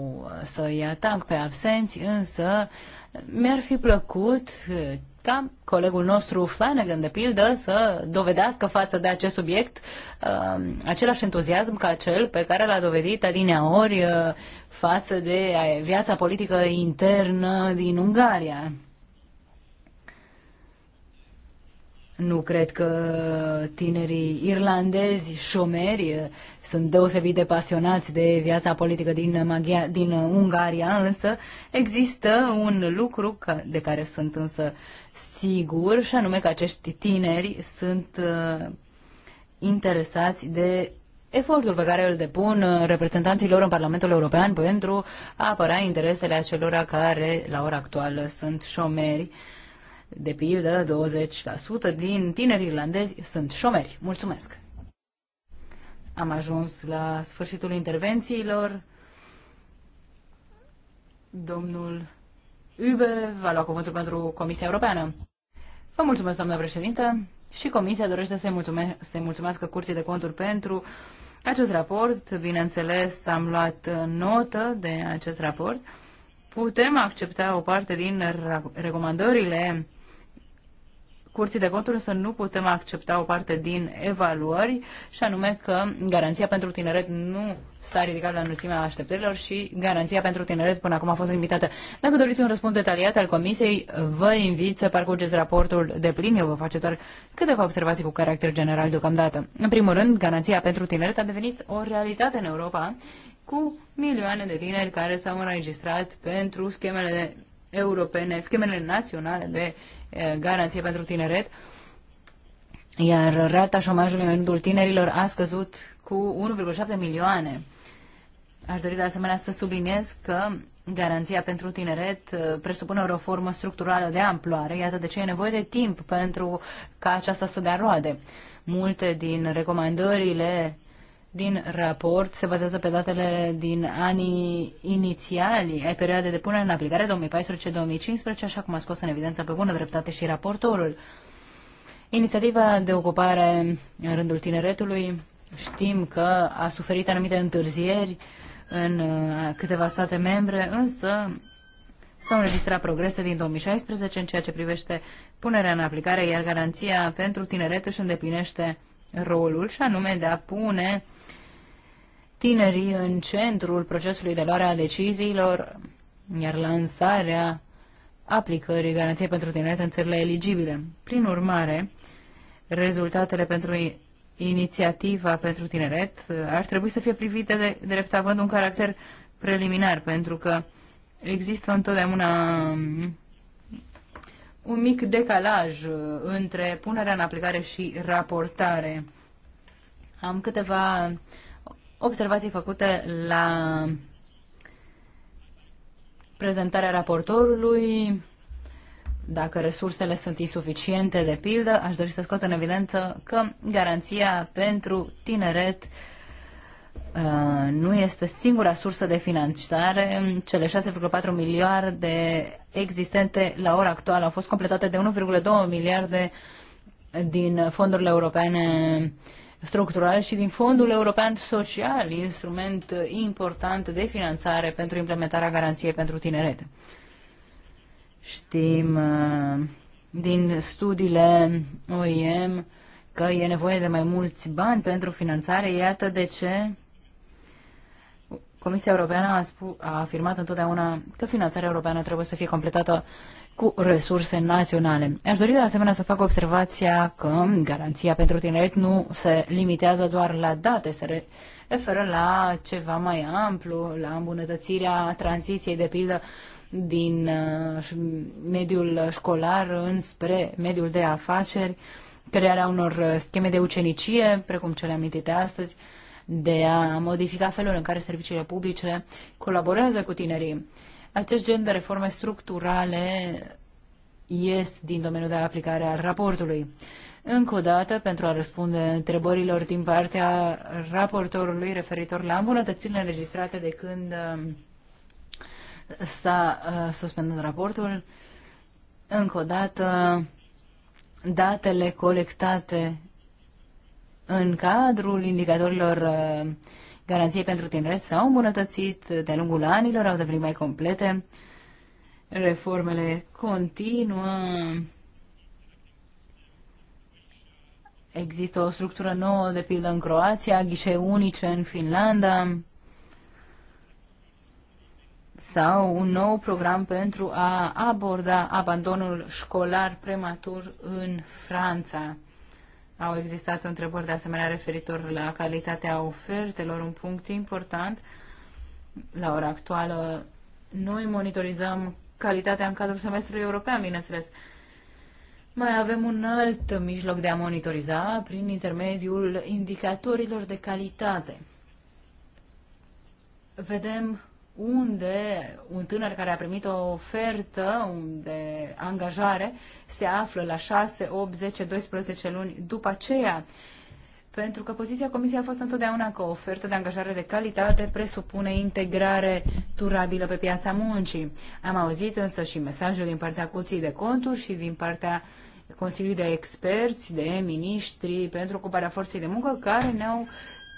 să-i atac pe absenți, însă mi-ar fi plăcut ca colegul nostru Flanagan, de pildă, să dovedească față de acest subiect uh, același entuziasm ca cel pe care l-a dovedit adineaori uh, față de uh, viața politică internă din Ungaria. Nu cred că tinerii irlandezi, șomeri, sunt deosebit de pasionați de viața politică din, Maghia, din Ungaria, însă există un lucru de care sunt însă sigur, și anume că acești tineri sunt uh, interesați de efortul pe care îl depun reprezentanții lor în Parlamentul European pentru a apăra interesele acelora care, la ora actuală, sunt șomeri de pildă, 20% din tineri irlandezi sunt șomeri. Mulțumesc! Am ajuns la sfârșitul intervențiilor. Domnul Ube va lua cuvântul pentru Comisia Europeană. Vă mulțumesc, doamnă președintă, și Comisia dorește să-i mulțume- să mulțumească Curții de Conturi pentru acest raport. Bineînțeles, am luat notă de acest raport. Putem accepta o parte din recomandările Curții de Conturi să nu putem accepta o parte din evaluări și anume că garanția pentru tineret nu s-a ridicat la înălțimea așteptărilor și garanția pentru tineret până acum a fost limitată. Dacă doriți un răspuns detaliat al Comisiei, vă invit să parcurgeți raportul de plin. Eu vă face doar câteva observații cu caracter general deocamdată. În primul rând, garanția pentru tineret a devenit o realitate în Europa cu milioane de tineri care s-au înregistrat pentru schemele europene, schemele naționale de uh, garanție pentru tineret, iar rata șomajului în rândul tinerilor a scăzut cu 1,7 milioane. Aș dori de asemenea să subliniez că Garanția pentru tineret presupune o reformă structurală de amploare, iată de ce e nevoie de timp pentru ca aceasta să dea roade. Multe din recomandările din raport se bazează pe datele din anii inițiali ai perioadei de punere în aplicare 2014-2015, așa cum a scos în evidență pe bună dreptate și raportorul. Inițiativa de ocupare în rândul tineretului știm că a suferit anumite întârzieri în uh, câteva state membre, însă s-au înregistrat progrese din 2016 în ceea ce privește punerea în aplicare, iar garanția pentru tineret își îndeplinește rolul și anume de a pune tinerii în centrul procesului de luare a deciziilor, iar lansarea aplicării garanției pentru tineret în țările eligibile. Prin urmare, rezultatele pentru inițiativa pentru tineret uh, ar trebui să fie privite de, drept având un caracter preliminar, pentru că există întotdeauna um, un mic decalaj uh, între punerea în aplicare și raportare. Am câteva observații făcute la prezentarea raportorului, dacă resursele sunt insuficiente, de pildă, aș dori să scot în evidență că garanția pentru tineret uh, nu este singura sursă de finanțare. Cele 6,4 miliarde existente la ora actuală au fost completate de 1,2 miliarde din fondurile europene uh, structural și din Fondul European Social, instrument important de finanțare pentru implementarea garanției pentru tineret. Știm uh, din studiile OIM că e nevoie de mai mulți bani pentru finanțare, iată de ce Comisia Europeană a, spus, a afirmat întotdeauna că finanțarea europeană trebuie să fie completată cu resurse naționale. Aș dori de asemenea să fac observația că garanția pentru tineret nu se limitează doar la date, se referă la ceva mai amplu, la îmbunătățirea tranziției, de pildă, din uh, mediul școlar înspre mediul de afaceri, crearea unor uh, scheme de ucenicie, precum cele amintite astăzi, de a modifica felul în care serviciile publice colaborează cu tinerii acest gen de reforme structurale ies din domeniul de aplicare al raportului. Încă o dată, pentru a răspunde întrebărilor din partea raportorului referitor la îmbunătățirile înregistrate de când um, s-a uh, suspendat raportul, încă o dată, datele colectate în cadrul indicatorilor uh, Garanții pentru tineret s-au îmbunătățit de-a lungul anilor, au devenit mai complete, reformele continuă, există o structură nouă, de pildă în Croația, ghișe unice în Finlanda, sau un nou program pentru a aborda abandonul școlar prematur în Franța. Au existat întrebări de asemenea referitor la calitatea ofertelor, un punct important. La ora actuală, noi monitorizăm calitatea în cadrul semestrului european, bineînțeles. Mai avem un alt mijloc de a monitoriza prin intermediul indicatorilor de calitate. Vedem unde un tânăr care a primit o ofertă de angajare se află la 6, 8, 10, 12 luni după aceea. Pentru că poziția Comisiei a fost întotdeauna că o ofertă de angajare de calitate presupune integrare durabilă pe piața muncii. Am auzit însă și mesajul din partea Curții de Conturi și din partea Consiliului de Experți, de Miniștri pentru ocuparea forței de muncă, care ne-au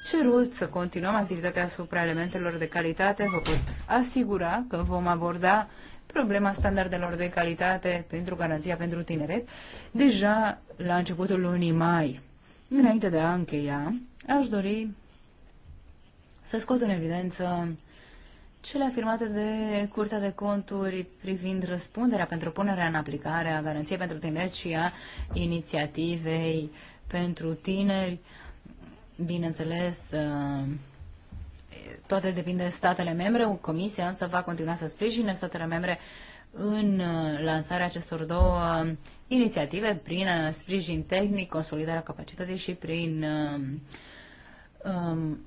cerut să continuăm activitatea asupra elementelor de calitate, vă pot asigura că vom aborda problema standardelor de calitate pentru garanția pentru tineret deja la începutul lunii mai. Înainte de a încheia, aș dori să scot în evidență cele afirmate de Curtea de Conturi privind răspunderea pentru punerea în aplicare a garanției pentru tineret și a inițiativei pentru tineri uh, Bineînțeles, uh, toate depinde de statele membre. Comisia însă va continua să sprijine statele membre în uh, lansarea acestor două uh, inițiative prin sprijin tehnic, consolidarea capacității și prin um,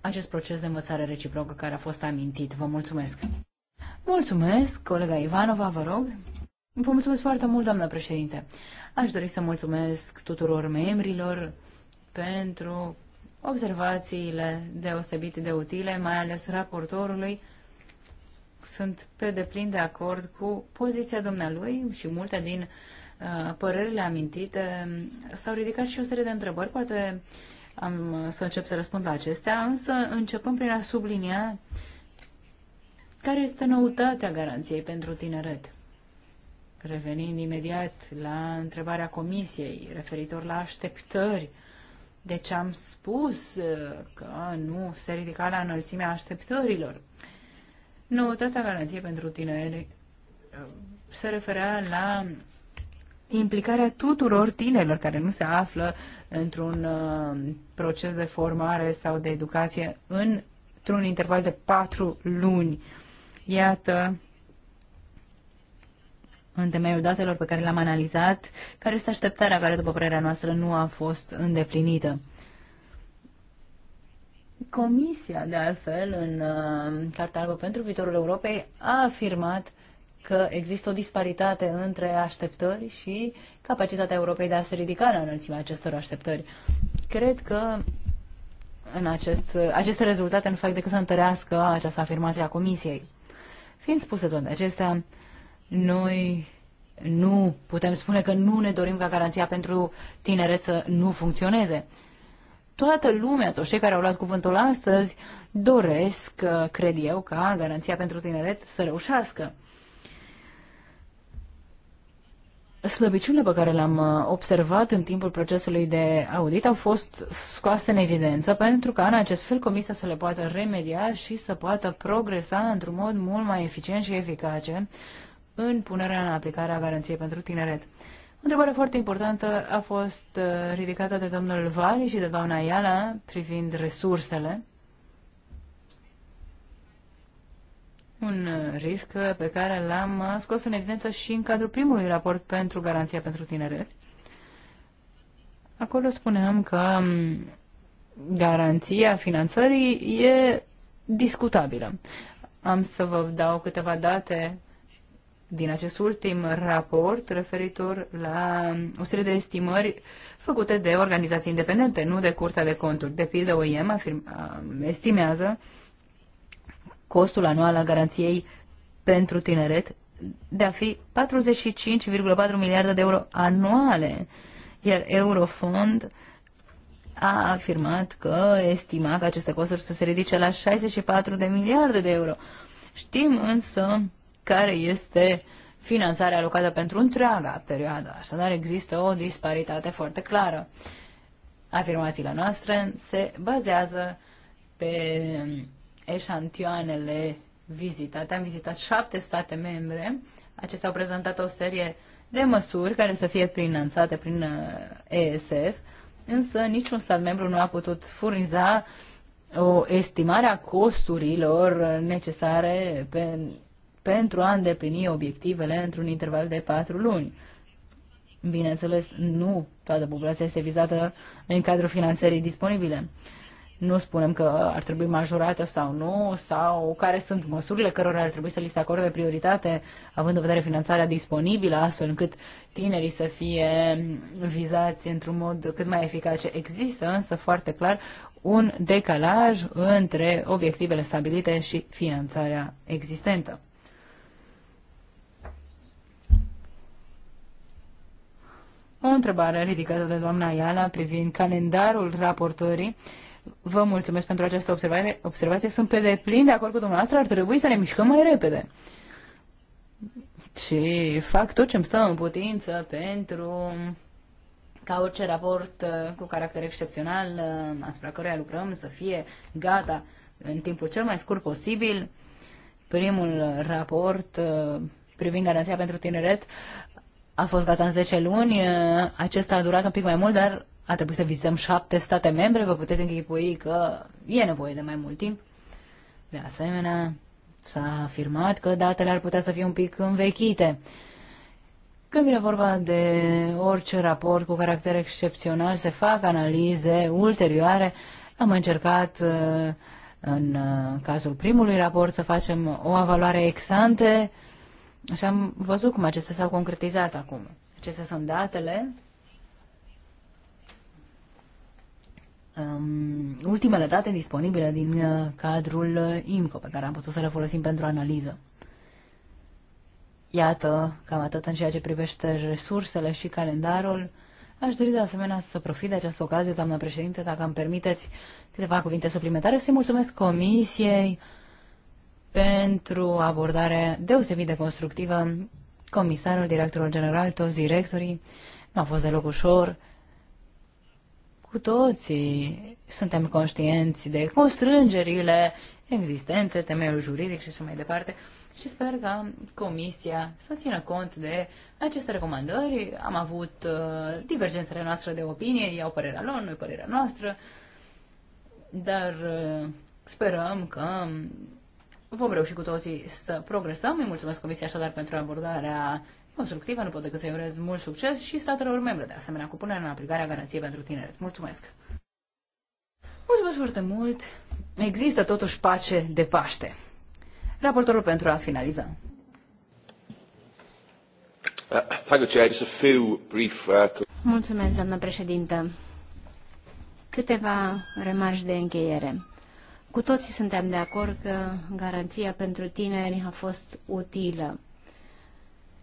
acest proces de învățare reciprocă care a fost amintit. Vă mulțumesc! Mulțumesc, colega Ivanova, vă rog! Vă mulțumesc foarte mult, doamnă președinte! Aș dori să mulțumesc tuturor membrilor pentru observațiile deosebite de utile, mai ales raportorului. Sunt pe deplin de acord cu poziția dumnealui și multe din uh, părerile amintite. S-au ridicat și o serie de întrebări, poate am uh, să încep să răspund la acestea, însă începând prin a sublinia care este noutatea garanției pentru tineret. Revenind imediat la întrebarea comisiei referitor la așteptări deci am spus uh, că nu se ridica la înălțimea așteptărilor. toată garanție pentru tineri uh, se referea la implicarea tuturor tinerilor care nu se află într-un uh, proces de formare sau de educație într-un interval de patru luni. Iată în temeiul datelor pe care le-am analizat, care este așteptarea care, după părerea noastră, nu a fost îndeplinită. Comisia, de altfel, în uh, Cartea Albă pentru Viitorul Europei, a afirmat că există o disparitate între așteptări și capacitatea Europei de a se ridica la înălțimea acestor așteptări. Cred că în acest, aceste rezultate nu fac decât să întărească această afirmație a Comisiei. Fiind spuse toate acestea, noi nu putem spune că nu ne dorim ca garanția pentru tineret să nu funcționeze. Toată lumea, toți cei care au luat cuvântul astăzi, doresc, uh, cred eu, ca garanția pentru tineret să reușească. Slăbiciunile pe care le-am uh, observat în timpul procesului de audit au fost scoase în evidență pentru ca în acest fel comisia să le poată remedia și să poată progresa într-un mod mult mai eficient și eficace în punerea în aplicare a garanției pentru tineret. O întrebare foarte importantă a fost uh, ridicată de domnul Vali și de doamna Iala privind resursele. Un uh, risc pe care l-am uh, scos în evidență și în cadrul primului raport pentru Garanția pentru Tineret. Acolo spuneam că um, garanția finanțării e discutabilă. Am să vă dau câteva date din acest ultim raport referitor la o serie de estimări făcute de organizații independente, nu de Curtea de Conturi. De pildă, OIM afirm, estimează costul anual al garanției pentru tineret de a fi 45,4 miliarde de euro anuale, iar Eurofond a afirmat că estima că aceste costuri să se ridice la 64 de miliarde de euro. Știm însă care este finanțarea alocată pentru întreaga perioadă. Așadar, există o disparitate foarte clară. Afirmațiile noastre se bazează pe eșantioanele vizitate. Am vizitat șapte state membre. Acestea au prezentat o serie de măsuri care să fie finanțate prin uh, ESF, însă niciun stat membru nu a putut furniza o estimare a costurilor necesare pe, pentru a îndeplini obiectivele într-un interval de patru luni. Bineînțeles, nu toată populația este vizată în cadrul finanțării disponibile. Nu spunem că ar trebui majorată sau nu, sau care sunt măsurile cărora ar trebui să li se acorde prioritate, având în vedere finanțarea disponibilă, astfel încât tinerii să fie vizați într-un mod cât mai eficace. Există însă foarte clar un decalaj între obiectivele stabilite și finanțarea existentă. o întrebare ridicată de doamna Iana privind calendarul raportării. Vă mulțumesc pentru această observare. observație. Sunt pe deplin de acord cu dumneavoastră. Ar trebui să ne mișcăm mai repede. Și fac tot ce îmi stă în putință pentru ca orice raport uh, cu caracter excepțional uh, asupra căruia lucrăm să fie gata în timpul cel mai scurt posibil. Primul raport uh, privind garanția pentru tineret a fost gata în 10 luni, ă, acesta a durat un pic mai mult, dar a trebuit să vizăm șapte state membre, vă puteți închipui că e nevoie de mai mult timp. De asemenea, s-a afirmat că datele ar putea să fie un pic învechite. Când vine vorba de orice raport cu caracter excepțional, se fac analize ulterioare. Am încercat ă, în ă, cazul primului raport să facem o evaluare ex ante, Așa am văzut cum acestea s-au concretizat acum. Acestea sunt datele. Um, ultimele date disponibile din uh, cadrul uh, IMCO, pe care am putut să le folosim pentru analiză. Iată, cam atât în ceea ce privește resursele și calendarul. Aș dori de asemenea să profit de această ocazie, doamna președinte, dacă îmi permiteți câteva cuvinte suplimentare, să-i mulțumesc comisiei, pentru abordare deosebit de constructivă. Comisarul, directorul general, toți directorii, nu a fost deloc ușor. Cu toții suntem conștienți de constrângerile existente, temeiul juridic și așa mai departe și sper că comisia să țină cont de aceste recomandări. Am avut uh, divergențele noastre de opinie, iau părerea lor, nu părerea noastră, dar uh, sperăm că vom reuși cu toții să progresăm. Îi mulțumesc Comisiei așadar pentru abordarea constructivă. Nu pot decât să-i urez mult succes și statelor membre, de asemenea, cu punerea în aplicare a garanției pentru tineret. Mulțumesc! Mulțumesc foarte mult! Există totuși pace de Paște. Raportorul pentru a finaliza. Uh, uh, mulțumesc, doamnă președintă. Câteva remarci de încheiere. Cu toții suntem de acord că garanția pentru tineri a fost utilă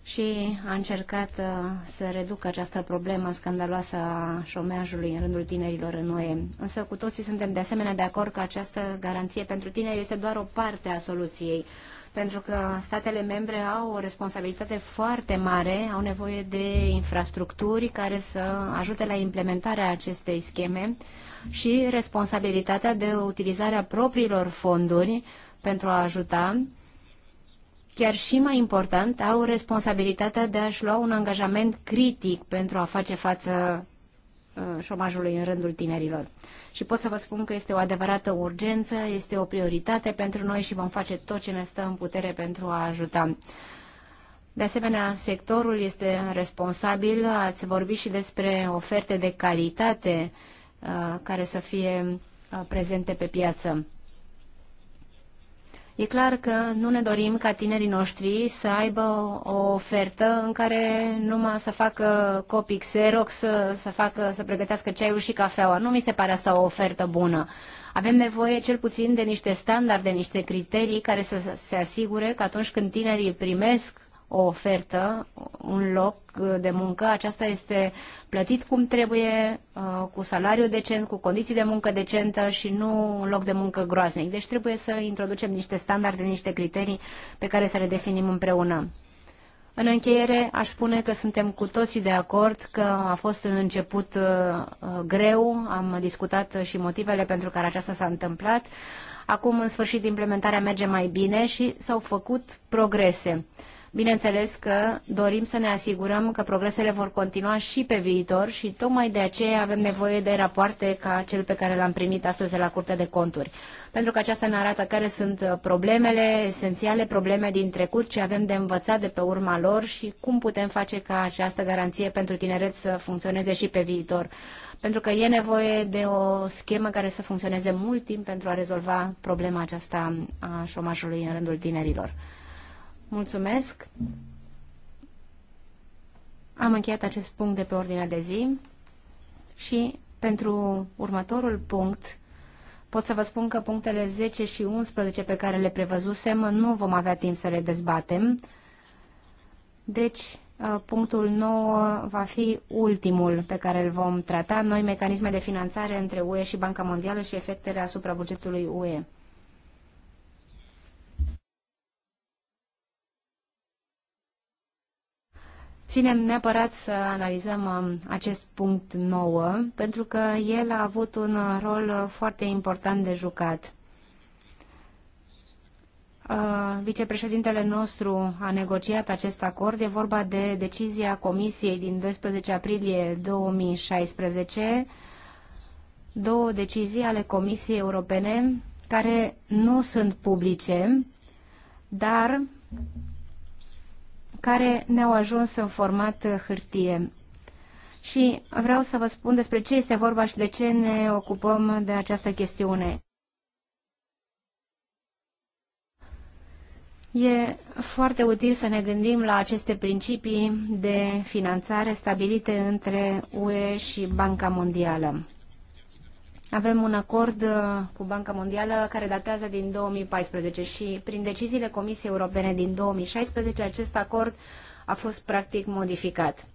și a încercat uh, să reducă această problemă scandaloasă a șomajului în rândul tinerilor în noi. Însă cu toții suntem de asemenea de acord că această garanție pentru tineri este doar o parte a soluției pentru că statele membre au o responsabilitate foarte mare, au nevoie de infrastructuri care să ajute la implementarea acestei scheme și responsabilitatea de utilizarea propriilor fonduri pentru a ajuta, chiar și mai important, au responsabilitatea de a-și lua un angajament critic pentru a face față uh, șomajului în rândul tinerilor. Și pot să vă spun că este o adevărată urgență, este o prioritate pentru noi și vom face tot ce ne stă în putere pentru a ajuta. De asemenea, sectorul este responsabil, ați vorbit și despre oferte de calitate Uh, care să fie uh, prezente pe piață. E clar că nu ne dorim ca tinerii noștri să aibă o ofertă în care numai să facă copii Xerox, să, facă, să pregătească ceaiul și cafeaua. Nu mi se pare asta o ofertă bună. Avem nevoie cel puțin de niște standarde, niște criterii care să se asigure că atunci când tinerii primesc o ofertă, un loc de muncă. Aceasta este plătit cum trebuie, uh, cu salariu decent, cu condiții de muncă decentă și nu un loc de muncă groaznic. Deci trebuie să introducem niște standarde, niște criterii pe care să le definim împreună. În încheiere, aș spune că suntem cu toții de acord că a fost în început uh, uh, greu, am discutat și motivele pentru care aceasta s-a întâmplat. Acum, în sfârșit, implementarea merge mai bine și s-au făcut progrese. Bineînțeles că dorim să ne asigurăm că progresele vor continua și pe viitor și tocmai de aceea avem nevoie de rapoarte ca cel pe care l-am primit astăzi de la Curtea de Conturi. Pentru că aceasta ne arată care sunt problemele esențiale, probleme din trecut, ce avem de învățat de pe urma lor și cum putem face ca această garanție pentru tineret să funcționeze și pe viitor. Pentru că e nevoie de o schemă care să funcționeze mult timp pentru a rezolva problema aceasta a șomajului în rândul tinerilor. Mulțumesc. Am încheiat acest punct de pe ordinea de zi și pentru următorul punct pot să vă spun că punctele 10 și 11 pe care le prevăzusem nu vom avea timp să le dezbatem. Deci, uh, punctul 9 va fi ultimul pe care îl vom trata, noi mecanisme de finanțare între UE și Banca Mondială și efectele asupra bugetului UE. Ținem neapărat să analizăm um, acest punct nou, pentru că el a avut un uh, rol uh, foarte important de jucat. Uh, vicepreședintele nostru a negociat acest acord. E vorba de decizia Comisiei din 12 aprilie 2016, două decizii ale Comisiei Europene care nu sunt publice, dar care ne-au ajuns în format uh, hârtie. Și vreau să vă spun despre ce este vorba și de ce ne ocupăm de această chestiune. E foarte util să ne gândim la aceste principii de finanțare stabilite între UE și Banca Mondială. Avem un acord uh, cu Banca Mondială care datează din 2014 și prin deciziile Comisiei Europene din 2016 acest acord a fost practic modificat.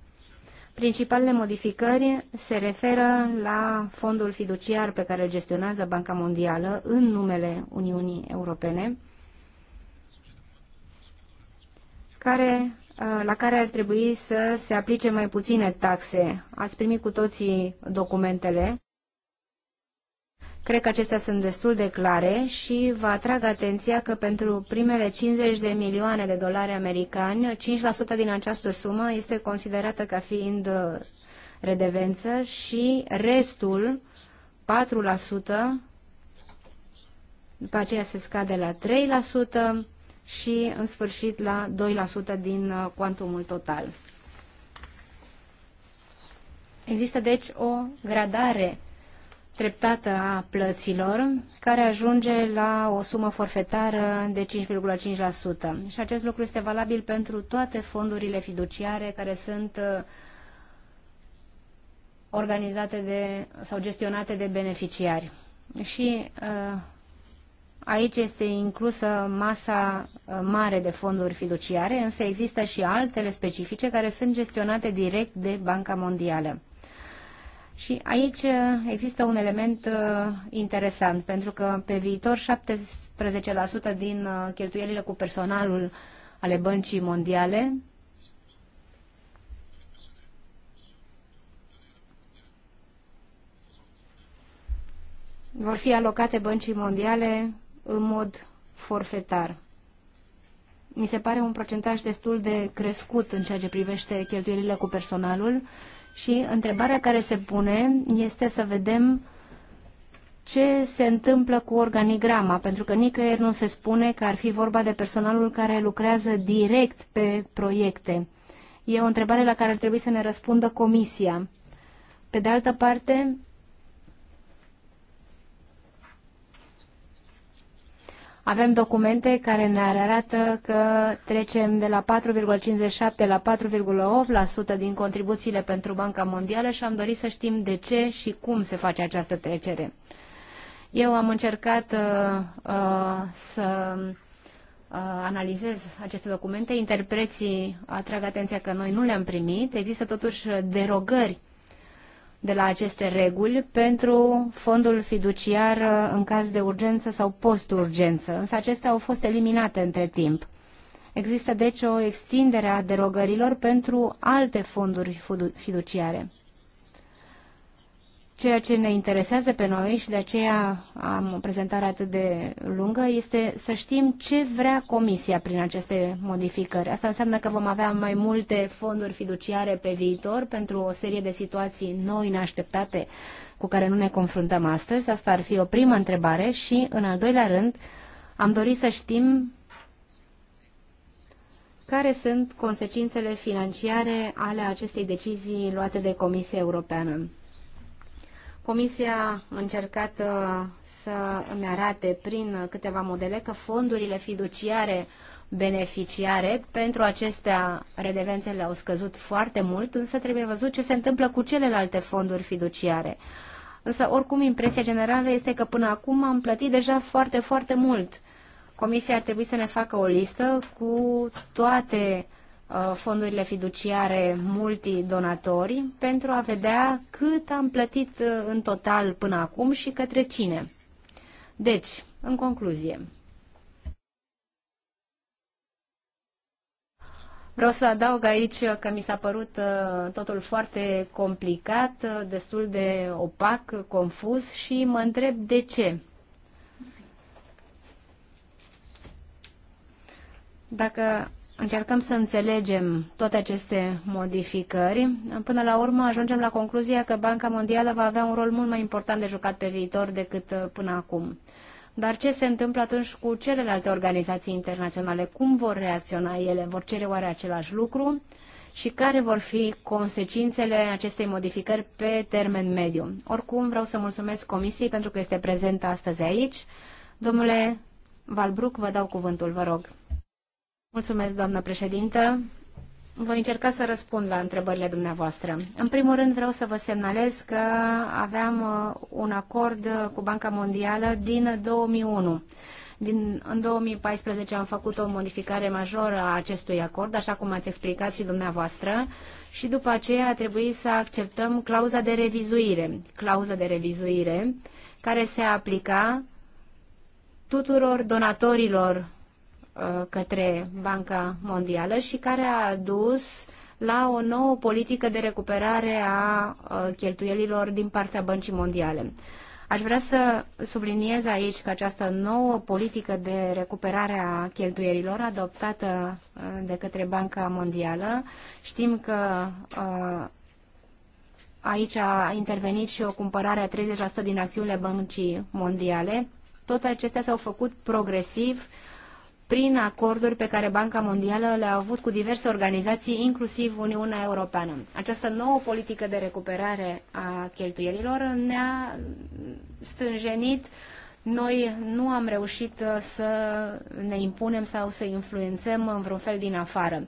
Principalele modificări se referă la fondul fiduciar pe care îl gestionează Banca Mondială în numele Uniunii Europene, care, uh, la care ar trebui să se aplice mai puține taxe. Ați primit cu toții documentele. Cred că acestea sunt destul de clare și vă atrag atenția că pentru primele 50 de milioane de dolari americani, 5% din această sumă este considerată ca fiind uh, redevență și restul, 4%, după aceea se scade la 3% și în sfârșit la 2% din uh, cuantumul total. Există deci o gradare treptată a plăților, care ajunge la o sumă forfetară de 5,5%. Și acest lucru este valabil pentru toate fondurile fiduciare care sunt uh, organizate de, sau gestionate de beneficiari. Și uh, aici este inclusă masa uh, mare de fonduri fiduciare, însă există și altele specifice care sunt gestionate direct de Banca Mondială. Și aici uh, există un element uh, interesant, pentru că pe viitor 17% din uh, cheltuielile cu personalul ale băncii mondiale vor fi alocate băncii mondiale în mod forfetar. Mi se pare un procentaj destul de crescut în ceea ce privește cheltuielile cu personalul și întrebarea care se pune este să vedem ce se întâmplă cu organigrama, pentru că nicăieri nu se spune că ar fi vorba de personalul care lucrează direct pe proiecte. E o întrebare la care ar trebui să ne răspundă comisia. Pe de altă parte, Avem documente care ne arată că trecem de la 4,57 la 4,8% din contribuțiile pentru Banca Mondială și am dorit să știm de ce și cum se face această trecere. Eu am încercat uh, uh, să uh, analizez aceste documente. Interpreții atrag atenția că noi nu le-am primit. Există totuși derogări uh, de la aceste reguli pentru fondul fiduciar uh, în caz de urgență sau post-urgență, însă acestea au fost eliminate între timp. Există deci o extindere a derogărilor pentru alte fonduri fiduciare. Ceea ce ne interesează pe noi și de aceea am o prezentare atât de lungă este să știm ce vrea Comisia prin aceste modificări. Asta înseamnă că vom avea mai multe fonduri fiduciare pe viitor pentru o serie de situații noi neașteptate cu care nu ne confruntăm astăzi. Asta ar fi o primă întrebare și, în al doilea rând, am dorit să știm care sunt consecințele financiare ale acestei decizii luate de Comisia Europeană. Comisia a încercat uh, să îmi arate prin câteva modele că fondurile fiduciare beneficiare pentru acestea redevențele au scăzut foarte mult, însă trebuie văzut ce se întâmplă cu celelalte fonduri fiduciare. Însă, oricum, impresia generală este că până acum am plătit deja foarte, foarte mult. Comisia ar trebui să ne facă o listă cu toate Uh, fondurile fiduciare multidonatori pentru a vedea cât am plătit uh, în total până acum și către cine. Deci, în concluzie, Vreau să adaug aici că mi s-a părut uh, totul foarte complicat, destul de opac, confuz și mă întreb de ce. Dacă încercăm să înțelegem toate aceste modificări. Până la urmă ajungem la concluzia că Banca Mondială va avea un rol mult mai important de jucat pe viitor decât uh, până acum. Dar ce se întâmplă atunci cu celelalte organizații internaționale? Cum vor reacționa ele? Vor cere oare același lucru? Și care vor fi consecințele acestei modificări pe termen mediu? Oricum, vreau să mulțumesc Comisiei pentru că este prezentă astăzi aici. Domnule Valbruc, vă dau cuvântul, vă rog. Mulțumesc, doamnă președintă. Voi încerca să răspund la întrebările dumneavoastră. În primul rând vreau să vă semnalez că aveam uh, un acord cu Banca Mondială din 2001. Din, în 2014 am făcut o modificare majoră a acestui acord, așa cum ați explicat și dumneavoastră, și după aceea a trebuit să acceptăm clauza de revizuire, clauza de revizuire care se aplica tuturor donatorilor Uh, către Banca Mondială și care a dus la o nouă politică de recuperare a uh, cheltuielilor din partea Băncii Mondiale. Aș vrea să subliniez aici că această nouă politică de recuperare a cheltuielilor adoptată uh, de către Banca Mondială, știm că aici a intervenit și o cumpărare a 30% din acțiunile Băncii Mondiale, toate acestea s-au făcut progresiv prin acorduri pe care Banca Mondială le-a avut cu diverse organizații, inclusiv Uniunea Europeană. Această nouă politică de recuperare a cheltuielilor ne-a stânjenit. Noi nu am reușit să ne impunem sau să influențăm în vreun fel din afară.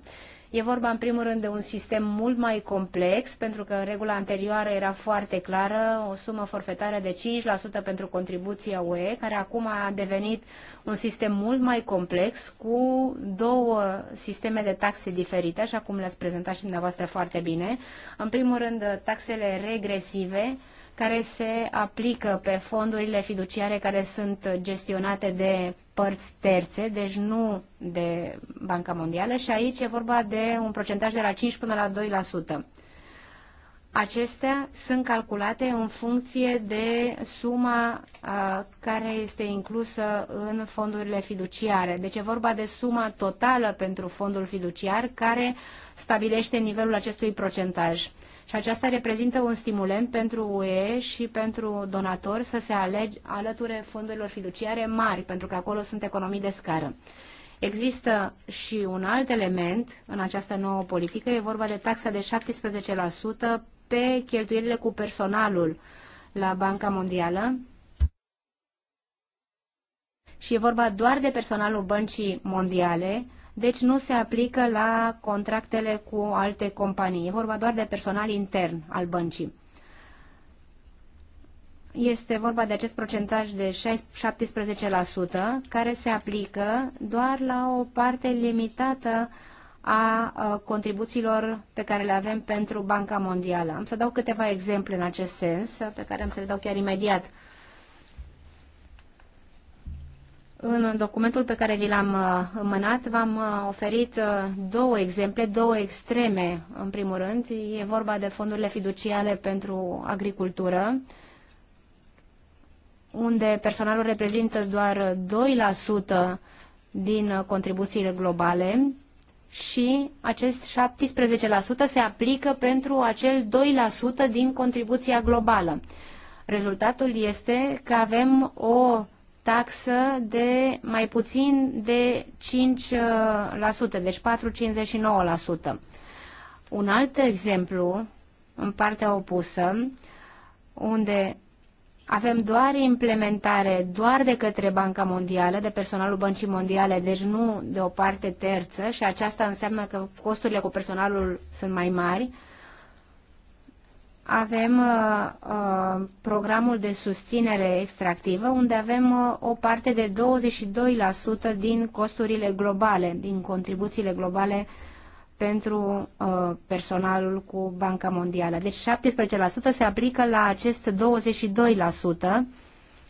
E vorba în primul rând de un sistem mult mai complex, pentru că regula anterioară era foarte clară, o sumă forfetară de 5% pentru contribuția UE, care acum a devenit un sistem mult mai complex cu două sisteme de taxe diferite, așa cum le-ați prezentat și dumneavoastră foarte bine. În primul rând, taxele regresive, care se aplică pe fondurile fiduciare care sunt gestionate de părți terțe, deci nu de Banca Mondială și aici e vorba de un procentaj de la 5 până la 2%. Acestea sunt calculate în funcție de suma a, care este inclusă în fondurile fiduciare. Deci e vorba de suma totală pentru fondul fiduciar care stabilește nivelul acestui procentaj. Și aceasta reprezintă un stimulent pentru UE și pentru donatori să se alege, alăture fondurilor fiduciare mari, pentru că acolo sunt economii de scară. Există și un alt element în această nouă politică, e vorba de taxa de 17% pe cheltuielile cu personalul la Banca Mondială, și e vorba doar de personalul băncii mondiale deci nu se aplică la contractele cu alte companii. E vorba doar de personal intern al băncii. Este vorba de acest procentaj de 17% care se aplică doar la o parte limitată a contribuțiilor pe care le avem pentru Banca Mondială. Am să dau câteva exemple în acest sens, pe care am să le dau chiar imediat. În documentul pe care vi l-am uh, mânat v-am uh, oferit uh, două exemple, două extreme în primul rând. E vorba de fondurile fiduciare pentru agricultură, unde personalul reprezintă doar 2% din contribuțiile globale și acest 17% se aplică pentru acel 2% din contribuția globală. Rezultatul este că avem o taxă de mai puțin de 5%, uh, deci 4,59%. Un alt exemplu, în partea opusă, unde avem doar implementare doar de către Banca Mondială, de personalul Băncii Mondiale, deci nu de o parte terță și aceasta înseamnă că costurile cu personalul sunt mai mari, avem uh, uh, programul de susținere extractivă, unde avem uh, o parte de 22% din costurile globale, din contribuțiile globale pentru uh, personalul cu Banca Mondială. Deci 17% se aplică la acest 22%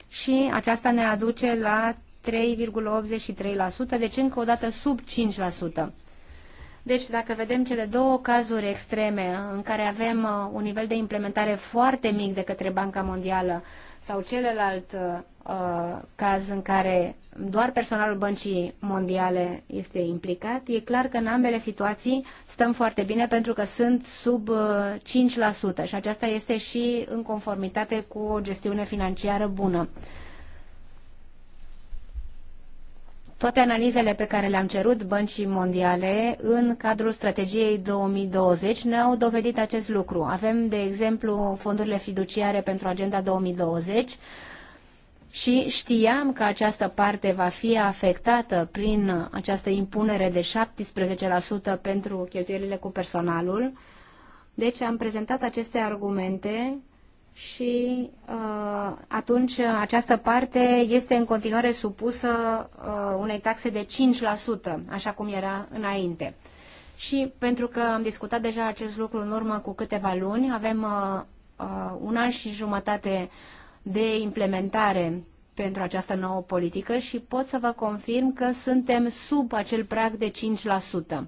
și aceasta ne aduce la 3,83%, deci încă o dată sub 5%. Deci, dacă vedem cele două cazuri extreme uh, în care avem uh, un nivel de implementare foarte mic de către Banca Mondială sau celălalt uh, uh, caz în care doar personalul băncii mondiale este implicat, e clar că în ambele situații stăm foarte bine pentru că sunt sub 5% și aceasta este și în conformitate cu o gestiune financiară bună. toate analizele pe care le-am cerut băncii mondiale în cadrul strategiei 2020 ne-au dovedit acest lucru. Avem, de exemplu, fondurile fiduciare pentru Agenda 2020 și știam că această parte va fi afectată prin această impunere de 17% pentru cheltuielile cu personalul. Deci am prezentat aceste argumente și uh, atunci această parte este în continuare supusă uh, unei taxe de 5%, așa cum era înainte. Și pentru că am discutat deja acest lucru în urmă cu câteva luni, avem uh, uh, un an și jumătate de implementare pentru această nouă politică și pot să vă confirm că suntem sub acel prag de 5%.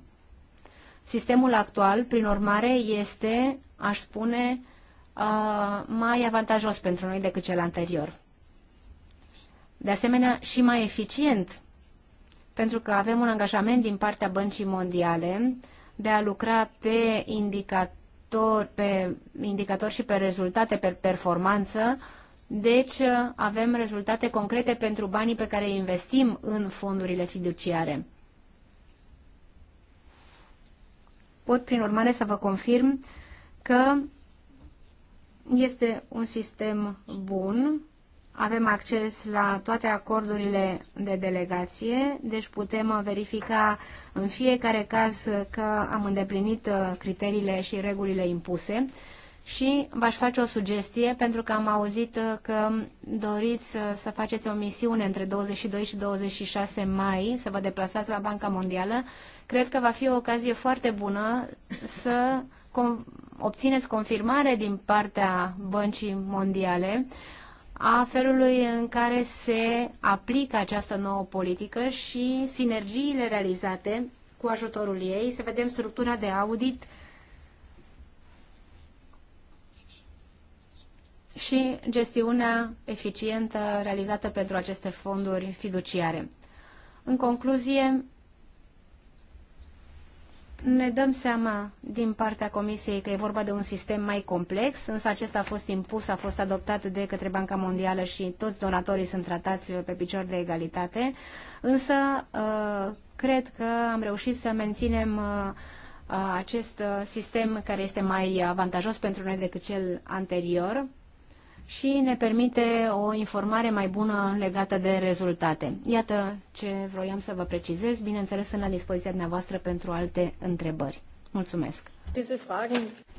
Sistemul actual, prin urmare, este, aș spune, Uh, mai avantajos pentru noi decât cel anterior. De asemenea, și mai eficient, pentru că avem un angajament din partea Băncii Mondiale de a lucra pe indicator, pe indicator și pe rezultate, pe performanță, deci uh, avem rezultate concrete pentru banii pe care îi investim în fondurile fiduciare. Pot, prin urmare, să vă confirm că este un sistem bun, avem acces la toate acordurile de delegație, deci putem verifica în fiecare caz că am îndeplinit criteriile și regulile impuse. Și v-aș face o sugestie, pentru că am auzit că doriți să faceți o misiune între 22 și 26 mai, să vă deplasați la Banca Mondială. Cred că va fi o ocazie foarte bună să obțineți confirmare din partea băncii mondiale a felului în care se aplică această nouă politică și sinergiile realizate cu ajutorul ei, să vedem structura de audit și gestiunea eficientă realizată pentru aceste fonduri fiduciare. În concluzie, ne dăm seama din partea Comisiei că e vorba de un sistem mai complex, însă acesta a fost impus, a fost adoptat de către Banca Mondială și toți donatorii sunt tratați pe picior de egalitate, însă uh, cred că am reușit să menținem uh, acest uh, sistem care este mai avantajos pentru noi decât cel anterior și ne permite o informare mai bună legată de rezultate. Iată ce vroiam să vă precizez. Bineînțeles, sunt la dispoziția dumneavoastră pentru alte întrebări. Mulțumesc!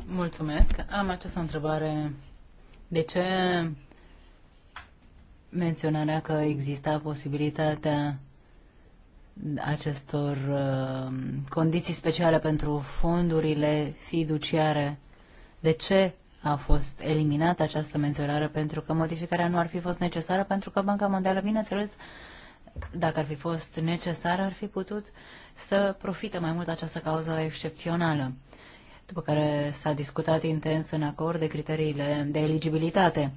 Mulțumesc! Am această întrebare. De ce menționarea că exista posibilitatea acestor uh, condiții speciale pentru fondurile fiduciare? De ce a fost eliminată această menționare pentru că modificarea nu ar fi fost necesară, pentru că Banca Mondială, bineînțeles, dacă ar fi fost necesară, ar fi putut să profite mai mult această cauză excepțională, după care s-a discutat intens în acord de criteriile de eligibilitate.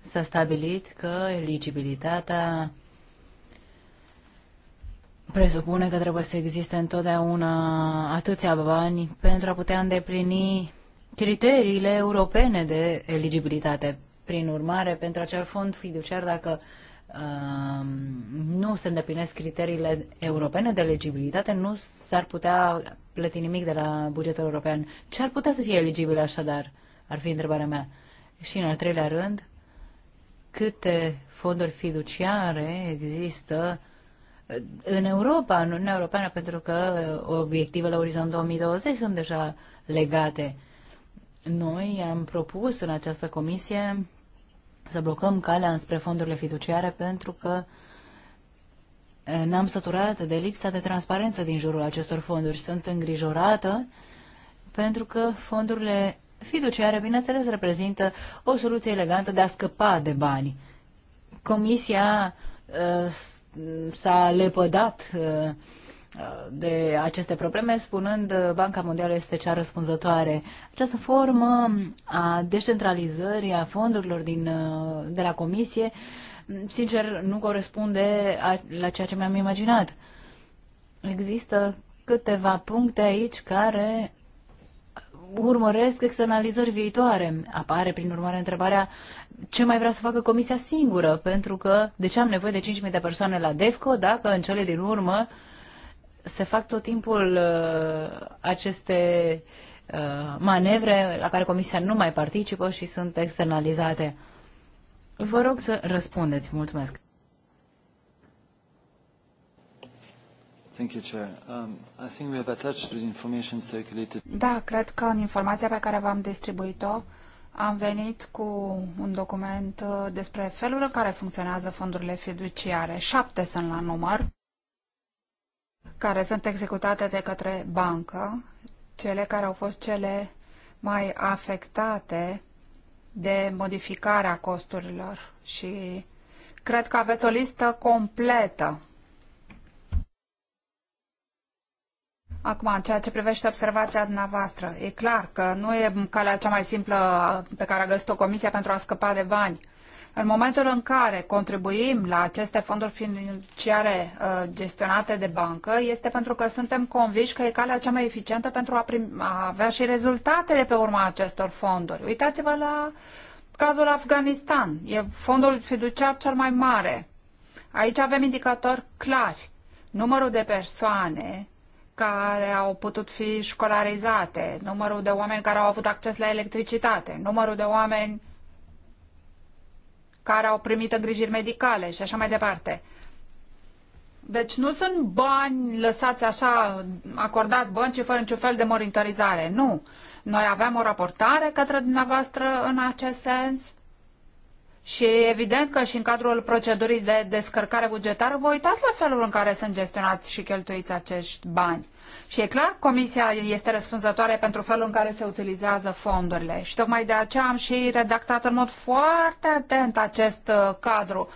S-a stabilit că eligibilitatea presupune că trebuie să existe întotdeauna atâția bani pentru a putea îndeplini criteriile europene de eligibilitate. Prin urmare, pentru acel fond fiduciar, dacă uh, nu se îndeplinesc criteriile europene de eligibilitate, nu s-ar putea plăti nimic de la bugetul european. Ce ar putea să fie eligibil așadar? Ar fi întrebarea mea. Și în al treilea rând, câte fonduri fiduciare există în Europa, în Uniunea Europeană, pentru că obiectivele Orizont 2020 sunt deja legate. Noi am propus în această comisie să blocăm calea înspre fondurile fiduciare pentru că eh, ne-am săturat de lipsa de transparență din jurul acestor fonduri. Sunt îngrijorată pentru că fondurile fiduciare, bineînțeles, reprezintă o soluție elegantă de a scăpa de bani. Comisia uh, s-a lepădat uh, de aceste probleme, spunând Banca Mondială este cea răspunzătoare. Această formă a descentralizării a fondurilor din, de la Comisie, sincer, nu corespunde a, la ceea ce mi-am imaginat. Există câteva puncte aici care urmăresc externalizări viitoare. Apare, prin urmare, întrebarea ce mai vrea să facă comisia singură, pentru că de ce am nevoie de 5.000 de persoane la DEFCO dacă în cele din urmă uh, se fac tot timpul uh, aceste uh, manevre la care Comisia nu mai participă și sunt externalizate. Vă rog să răspundeți. Mulțumesc. Da, cred că în informația pe care v-am distribuit-o am venit cu un document uh, despre felul în care funcționează fondurile fiduciare. Șapte sunt la număr care sunt executate de către bancă, cele care au fost cele mai afectate de modificarea costurilor și cred că aveți o listă completă. Acum, în ceea ce privește observația dumneavoastră, e clar că nu e calea cea mai simplă pe care a găsit-o Comisia pentru a scăpa de bani în momentul în care contribuim la aceste fonduri financiare uh, gestionate de bancă, este pentru că suntem convinși că e calea cea mai eficientă pentru a, prim- a avea și rezultatele pe urma acestor fonduri. Uitați-vă la cazul Afganistan. E fondul fiduciar cel mai mare. Aici avem indicatori clari. Numărul de persoane care au putut fi școlarizate, numărul de oameni care au avut acces la electricitate, numărul de oameni care au primit îngrijiri medicale și așa mai departe. Deci nu sunt bani lăsați așa, acordați băncii fără niciun fel de monitorizare. Nu. Noi aveam o raportare către dumneavoastră în acest sens și evident că și în cadrul procedurii de descărcare bugetară vă uitați la felul în care sunt gestionați și cheltuiți acești bani. Și e clar, Comisia este răspunzătoare pentru felul în care se utilizează fondurile. Și tocmai de aceea am și redactat în mod foarte atent acest uh, cadru.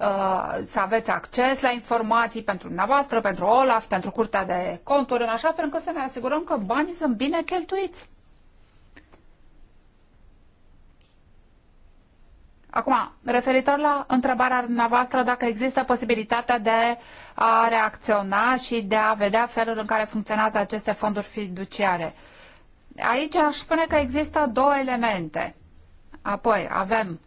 Uh, să aveți acces la informații pentru dumneavoastră, pentru OLAF, pentru Curtea de Conturi, în așa fel încât să ne asigurăm că banii sunt bine cheltuiți. Acum, referitor la întrebarea noastră dacă există posibilitatea de a reacționa și de a vedea felul în care funcționează aceste fonduri fiduciare. Aici aș spune că există două elemente. Apoi avem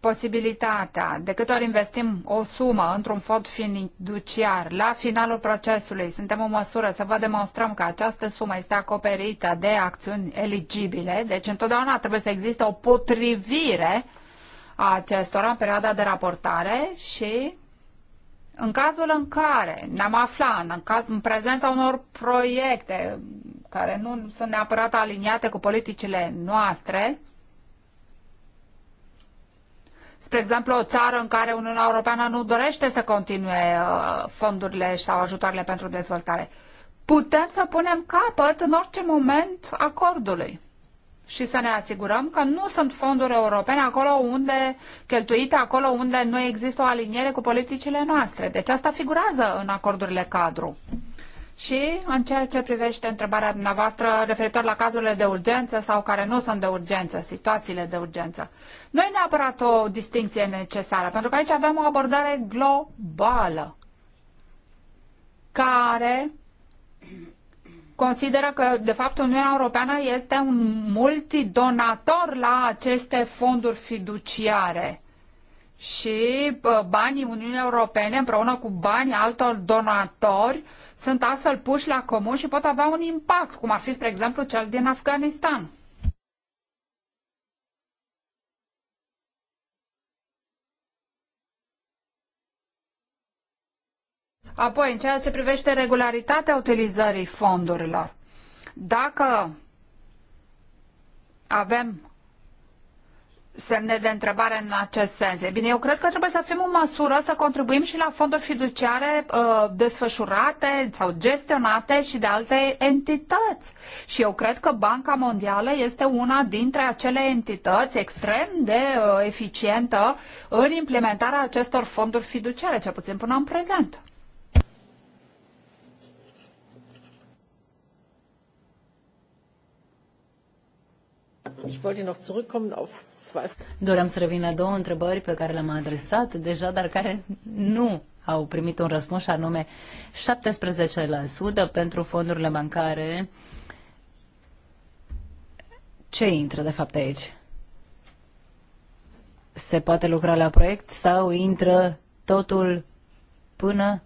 posibilitatea, de câte ori investim o sumă într-un fond fiduciar, la finalul procesului suntem în măsură să vă demonstrăm că această sumă este acoperită de acțiuni eligibile, deci întotdeauna trebuie să existe o potrivire uh, acestora în perioada de raportare și în cazul în care ne-am aflat în, caz, în prezența unor proiecte care nu sunt neapărat aliniate cu politicile noastre, spre exemplu, o țară în care Uniunea Europeană nu dorește să continue uh, fondurile sau ajutoarele pentru dezvoltare, putem să punem capăt în orice moment acordului și să ne asigurăm că nu sunt fonduri europene acolo unde cheltuite, acolo unde nu există o aliniere cu politicile noastre. Deci asta figurează în acordurile cadru. Și în ceea ce privește întrebarea dumneavoastră referitor la cazurile de urgență sau care nu sunt de urgență, situațiile de urgență, nu e neapărat o distinție necesară, pentru că aici avem o abordare globală care consideră că, de fapt, Uniunea Europeană este un multidonator la aceste fonduri fiduciare și banii Uniunii Europene împreună cu banii altor donatori sunt astfel puși la comun și pot avea un impact, cum ar fi, spre exemplu, cel din Afganistan. Apoi, în ceea ce privește regularitatea utilizării fondurilor, dacă avem semne de întrebare în acest sens. E bine, eu cred că trebuie să fim în măsură să contribuim și la fonduri fiduciare uh, desfășurate sau gestionate și de alte entități. Și eu cred că Banca Mondială este una dintre acele entități extrem de uh, eficientă în implementarea acestor fonduri fiduciare, cel puțin până în prezent. Doream să revin la două întrebări pe care le-am adresat deja, dar care nu au primit un răspuns, și anume 17% pentru fondurile bancare. Ce intră, de fapt, aici? Se poate lucra la proiect sau intră totul până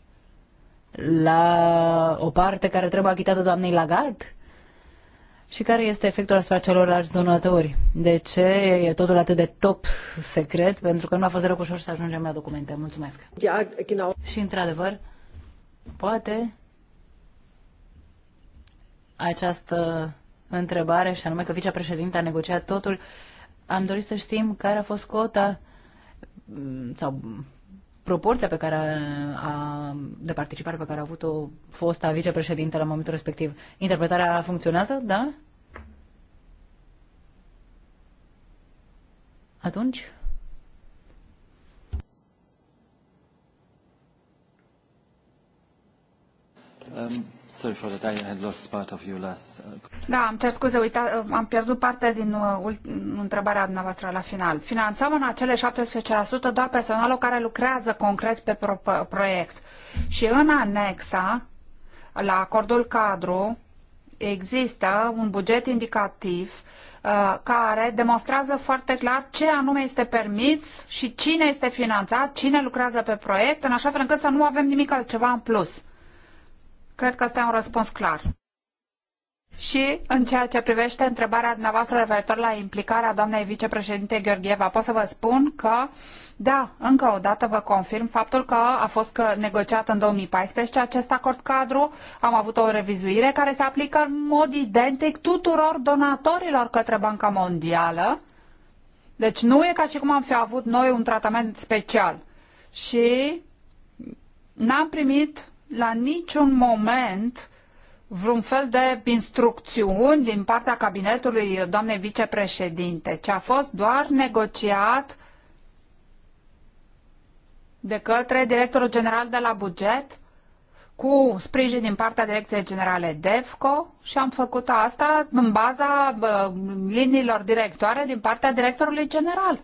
la o parte care trebuie achitată doamnei Lagarde? și care este efectul asupra celorlalți donatori. De ce e totul atât de top secret? Pentru că nu a fost deloc ușor să ajungem la documente. Mulțumesc. Ja, genau. Și într-adevăr, poate această întrebare, și anume că vicepreședinte a negociat totul, am dorit să știm care a fost cota mm, sau proporția pe care a, a, de participare pe care a avut-o fosta vicepreședinte la momentul respectiv. Interpretarea funcționează, da? Atunci? Um. Sorry for that, I had lost part of your last... Uh, da, am cer scuze, uita, uh, am pierdut parte din uh, întrebarea dumneavoastră la final. Finanțăm în acele 17% doar personalul care lucrează concret pe pro proiect. Și în anexa, la acordul cadru, există un buget indicativ uh, care demonstrează foarte clar ce anume este permis și cine este finanțat, cine lucrează pe proiect, în așa fel încât să nu avem nimic altceva în plus. Cred că este un răspuns clar. Și în ceea ce privește întrebarea dumneavoastră referitor la implicarea doamnei vicepreședinte Gheorgheva, pot să vă spun că, da, încă o dată vă confirm faptul că a fost negociat în 2014 acest acord cadru, am avut o revizuire care se aplică în mod identic tuturor donatorilor către Banca Mondială. Deci nu e ca și cum am fi avut noi un tratament special. Și n-am primit la niciun moment vreun fel de instrucțiuni din partea cabinetului doamnei vicepreședinte, ci a fost doar negociat de către directorul general de la buget cu sprijin din partea Direcției Generale DEFCO și am făcut asta în baza bă, liniilor directoare din partea directorului general.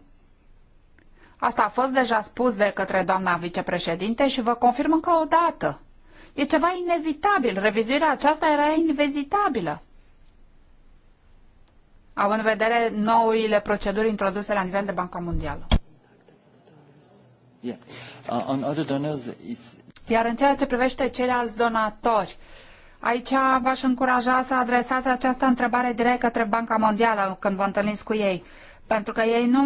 Asta a fost deja spus de către doamna vicepreședinte și vă confirm încă o dată. E ceva inevitabil. Revizuirea aceasta era inevitabilă. Având în vedere noile proceduri introduse la nivel de Banca Mondială. Yeah. Uh, on other donors, it's... Iar în ceea ce privește ceilalți donatori, aici v-aș încuraja să adresați această întrebare direct către Banca Mondială când vă întâlniți cu ei. Pentru că ei nu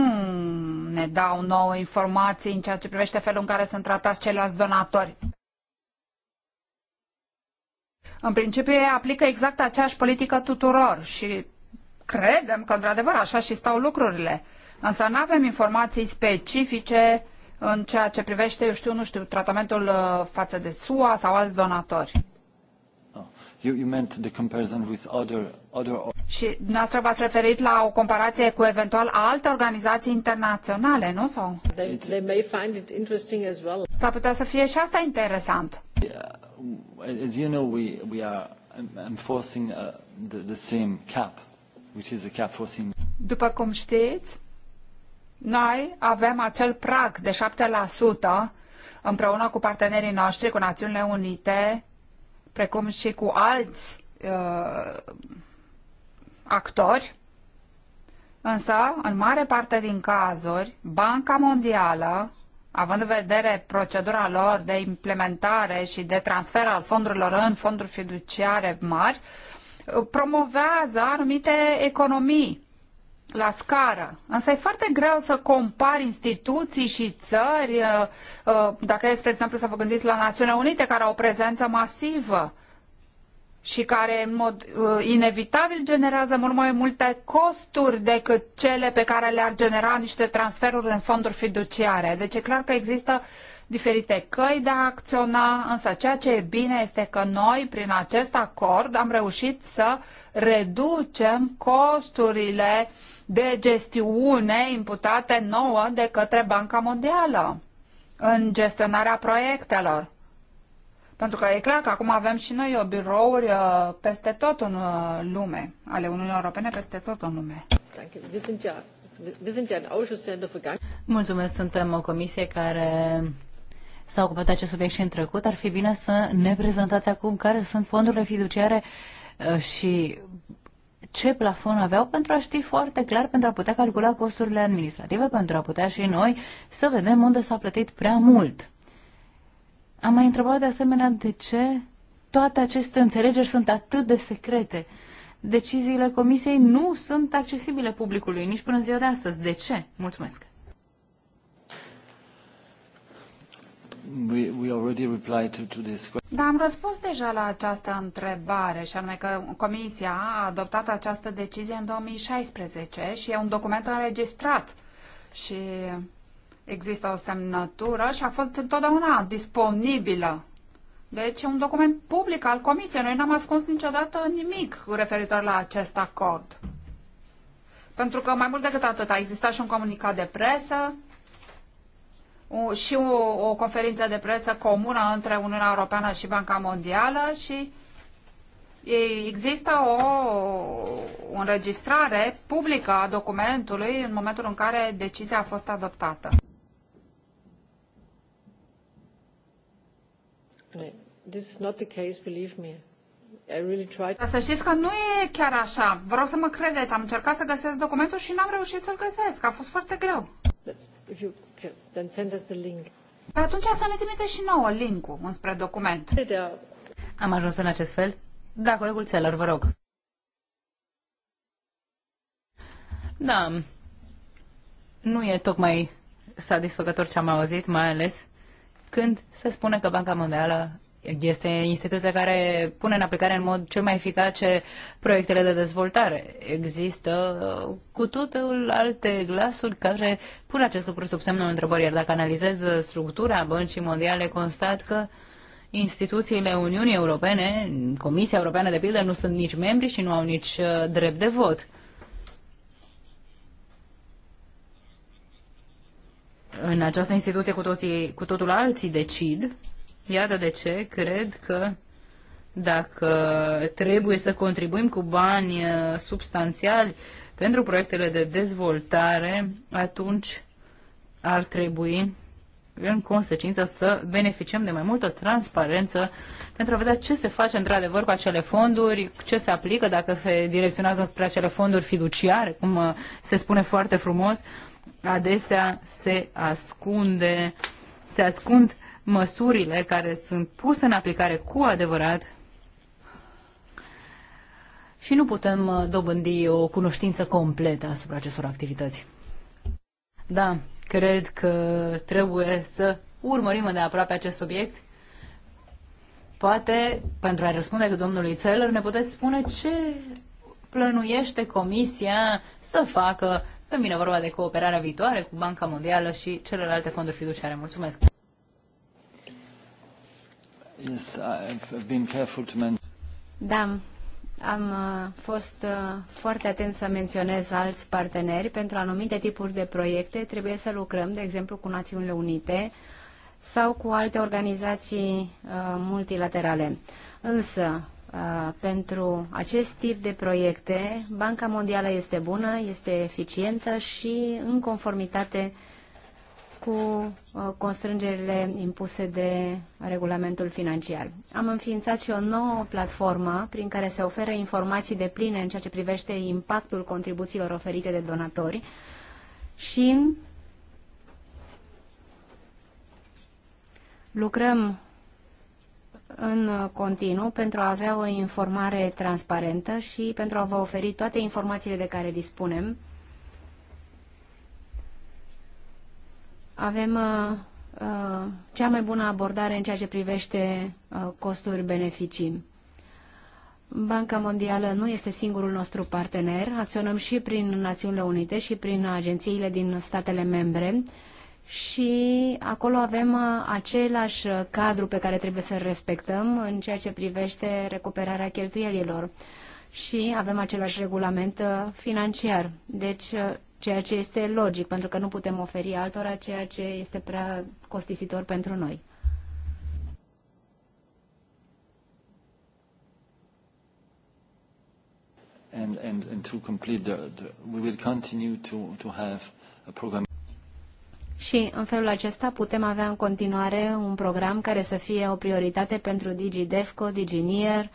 ne dau nouă informații în ceea ce privește felul în care sunt tratați ceilalți donatori. În principiu, ei aplică exact aceeași politică tuturor și credem că, într-adevăr, așa și stau lucrurile. Însă nu avem informații specifice în ceea ce privește, eu știu, nu știu, tratamentul uh, față de SUA sau alți donatori. You, you meant the comparison with other, other... Și noastră v-ați referit la o comparație cu eventual alte organizații internaționale, nu? Sau? They, they may find it interesting as well. S-ar putea să fie și asta interesant. Yeah. As you know, we, we are enforcing uh, the, the same cap, which is a cap for senior. După cum știți, noi avem acel prag de 7% împreună cu partenerii noștri, cu Națiunile Unite, precum și cu alți uh, actori, însă, în mare parte din cazuri, Banca Mondială, având în vedere procedura lor de implementare și de transfer al fondurilor în fonduri fiduciare mari, promovează anumite economii la scară. Însă e foarte greu să compari instituții și țări, uh, uh, dacă e, spre exemplu, să vă gândiți la Națiunea Unite, care au o prezență masivă și care în mod uh, inevitabil generează mult mai multe costuri decât cele pe care le-ar genera niște transferuri în fonduri fiduciare. Deci e clar că există diferite căi de a acționa, însă ceea ce e bine este că noi, prin acest acord, am reușit să reducem costurile de gestiune imputate nouă de către Banca Mondială în gestionarea proiectelor. Pentru că e clar că acum avem și noi uh, birouri uh, peste tot în uh, lume, ale Uniunii Europene peste tot în lume. Mulțumesc, suntem o comisie care s-a ocupat de acest subiect și în trecut, ar fi bine să ne prezentați acum care sunt fondurile fiduciare uh, și ce plafon aveau pentru a ști foarte clar, pentru a putea calcula costurile administrative, pentru a putea și noi să vedem unde s-a plătit prea mult. Am mai întrebat de asemenea de ce toate aceste înțelegeri sunt atât de secrete. Deciziile comisiei nu sunt accesibile publicului nici până ziua de astăzi. De ce? Mulțumesc! Da, am răspuns deja la această întrebare și anume că Comisia a adoptat această decizie în 2016 și e un document înregistrat și există o semnătură și a fost întotdeauna disponibilă. Deci e un document public al Comisiei. Noi n-am ascuns niciodată nimic referitor la acest acord. Pentru că mai mult decât atât a existat și un comunicat de presă și o, o conferință de presă comună între Uniunea Europeană și Banca Mondială și există o, o înregistrare publică a documentului în momentul în care decizia a fost adoptată. This is not the case, believe me. I really tried. Dar să știți că nu e chiar așa. Vreau să mă credeți. Am încercat să găsesc documentul și n-am reușit să-l găsesc. A fost foarte greu if you can, then send us the link. Păi atunci să ne trimite și nouă link-ul înspre document. Am ajuns în acest fel? Da, colegul Țelăr, vă rog. Da, nu e tocmai satisfăcător ce am auzit, mai ales când se spune că Banca Mondială este instituția care pune în aplicare în mod cel mai eficace proiectele de dezvoltare. Există uh, cu totul alte glasuri care pun acest lucru sub semnul întrebării, iar dacă analizez structura băncii mondiale, constat că instituțiile Uniunii Europene, Comisia Europeană de pildă, nu sunt nici membri și nu au nici uh, drept de vot. În această instituție cu, toții, cu totul alții decid Iată de ce cred că dacă trebuie să contribuim cu bani uh, substanțiali pentru proiectele de dezvoltare, atunci ar trebui în consecință să beneficiem de mai multă transparență pentru a vedea ce se face într-adevăr cu acele fonduri, ce se aplică, dacă se direcționează spre acele fonduri fiduciare, cum uh, se spune foarte frumos, adesea se ascunde, se ascund uh, măsurile care sunt puse în aplicare cu adevărat și nu putem uh, dobândi o cunoștință completă asupra acestor activități. Da, cred că trebuie să urmărim de aproape acest subiect. Poate, pentru a răspunde că domnului Țeller, ne puteți spune ce plănuiește Comisia să facă când vine vorba de cooperarea viitoare cu Banca Mondială și celelalte fonduri fiduciare. Mulțumesc! Yes, I've been careful to mention. Da, am uh, fost uh, foarte atent să menționez alți parteneri. Pentru anumite tipuri de proiecte trebuie să lucrăm, de exemplu, cu Națiunile Unite sau cu alte organizații uh, multilaterale. Însă, pentru acest tip de proiecte, Banca Mondială este bună, este eficientă și în conformitate uh, cu uh, constrângerile impuse de regulamentul financiar. Am înființat și o nouă platformă prin care se oferă informații de pline în ceea ce privește impactul contribuțiilor oferite de donatori și lucrăm în continuu pentru a avea o informare transparentă și pentru a vă oferi toate informațiile de care dispunem avem uh, uh, cea mai bună abordare în ceea ce privește uh, costuri-beneficii. Banca Mondială nu este singurul nostru partener, acționăm și prin Națiunile Unite și prin agențiile din statele membre și acolo avem același cadru pe care trebuie să-l respectăm în ceea ce privește recuperarea cheltuielilor și avem același regulament financiar. Deci ceea ce este logic, pentru că nu putem oferi altora ceea ce este prea costisitor pentru noi. And, and, and to complete the, the, we will continue to, to have a program. Și în felul acesta putem avea în continuare un program care să fie o prioritate pentru DigiDefco, DigiNier,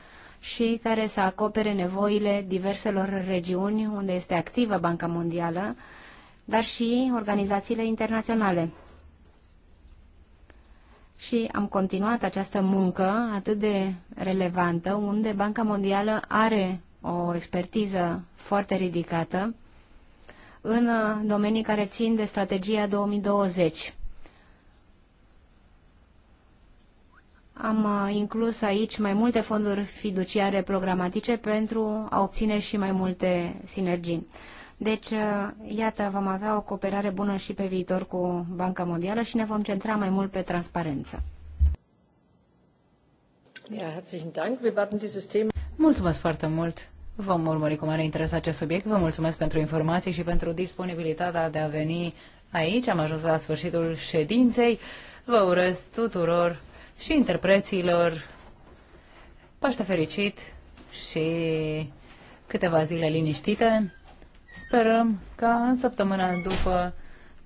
și care să acopere nevoile diverselor regiuni unde este activă Banca Mondială, dar și organizațiile internaționale. Și am continuat această muncă atât de relevantă, unde Banca Mondială are o expertiză foarte ridicată în domenii care țin de strategia 2020. Am uh, inclus aici mai multe fonduri fiduciare programatice pentru a obține și mai multe sinergii. Deci, uh, iată, vom avea o cooperare bună și pe viitor cu Banca Mondială și ne vom centra mai mult pe transparență. Mulțumesc foarte mult! Vom urmări cu mare interes acest subiect. Vă mulțumesc pentru informații și pentru disponibilitatea de a veni aici. Am ajuns la sfârșitul ședinței. Vă urez tuturor și interpreților Paște fericit și câteva zile liniștite. Sperăm ca în săptămâna după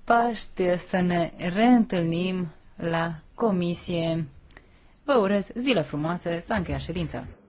Paște să ne reîntâlnim la comisie. Vă urez zile frumoase, să încheia ședința.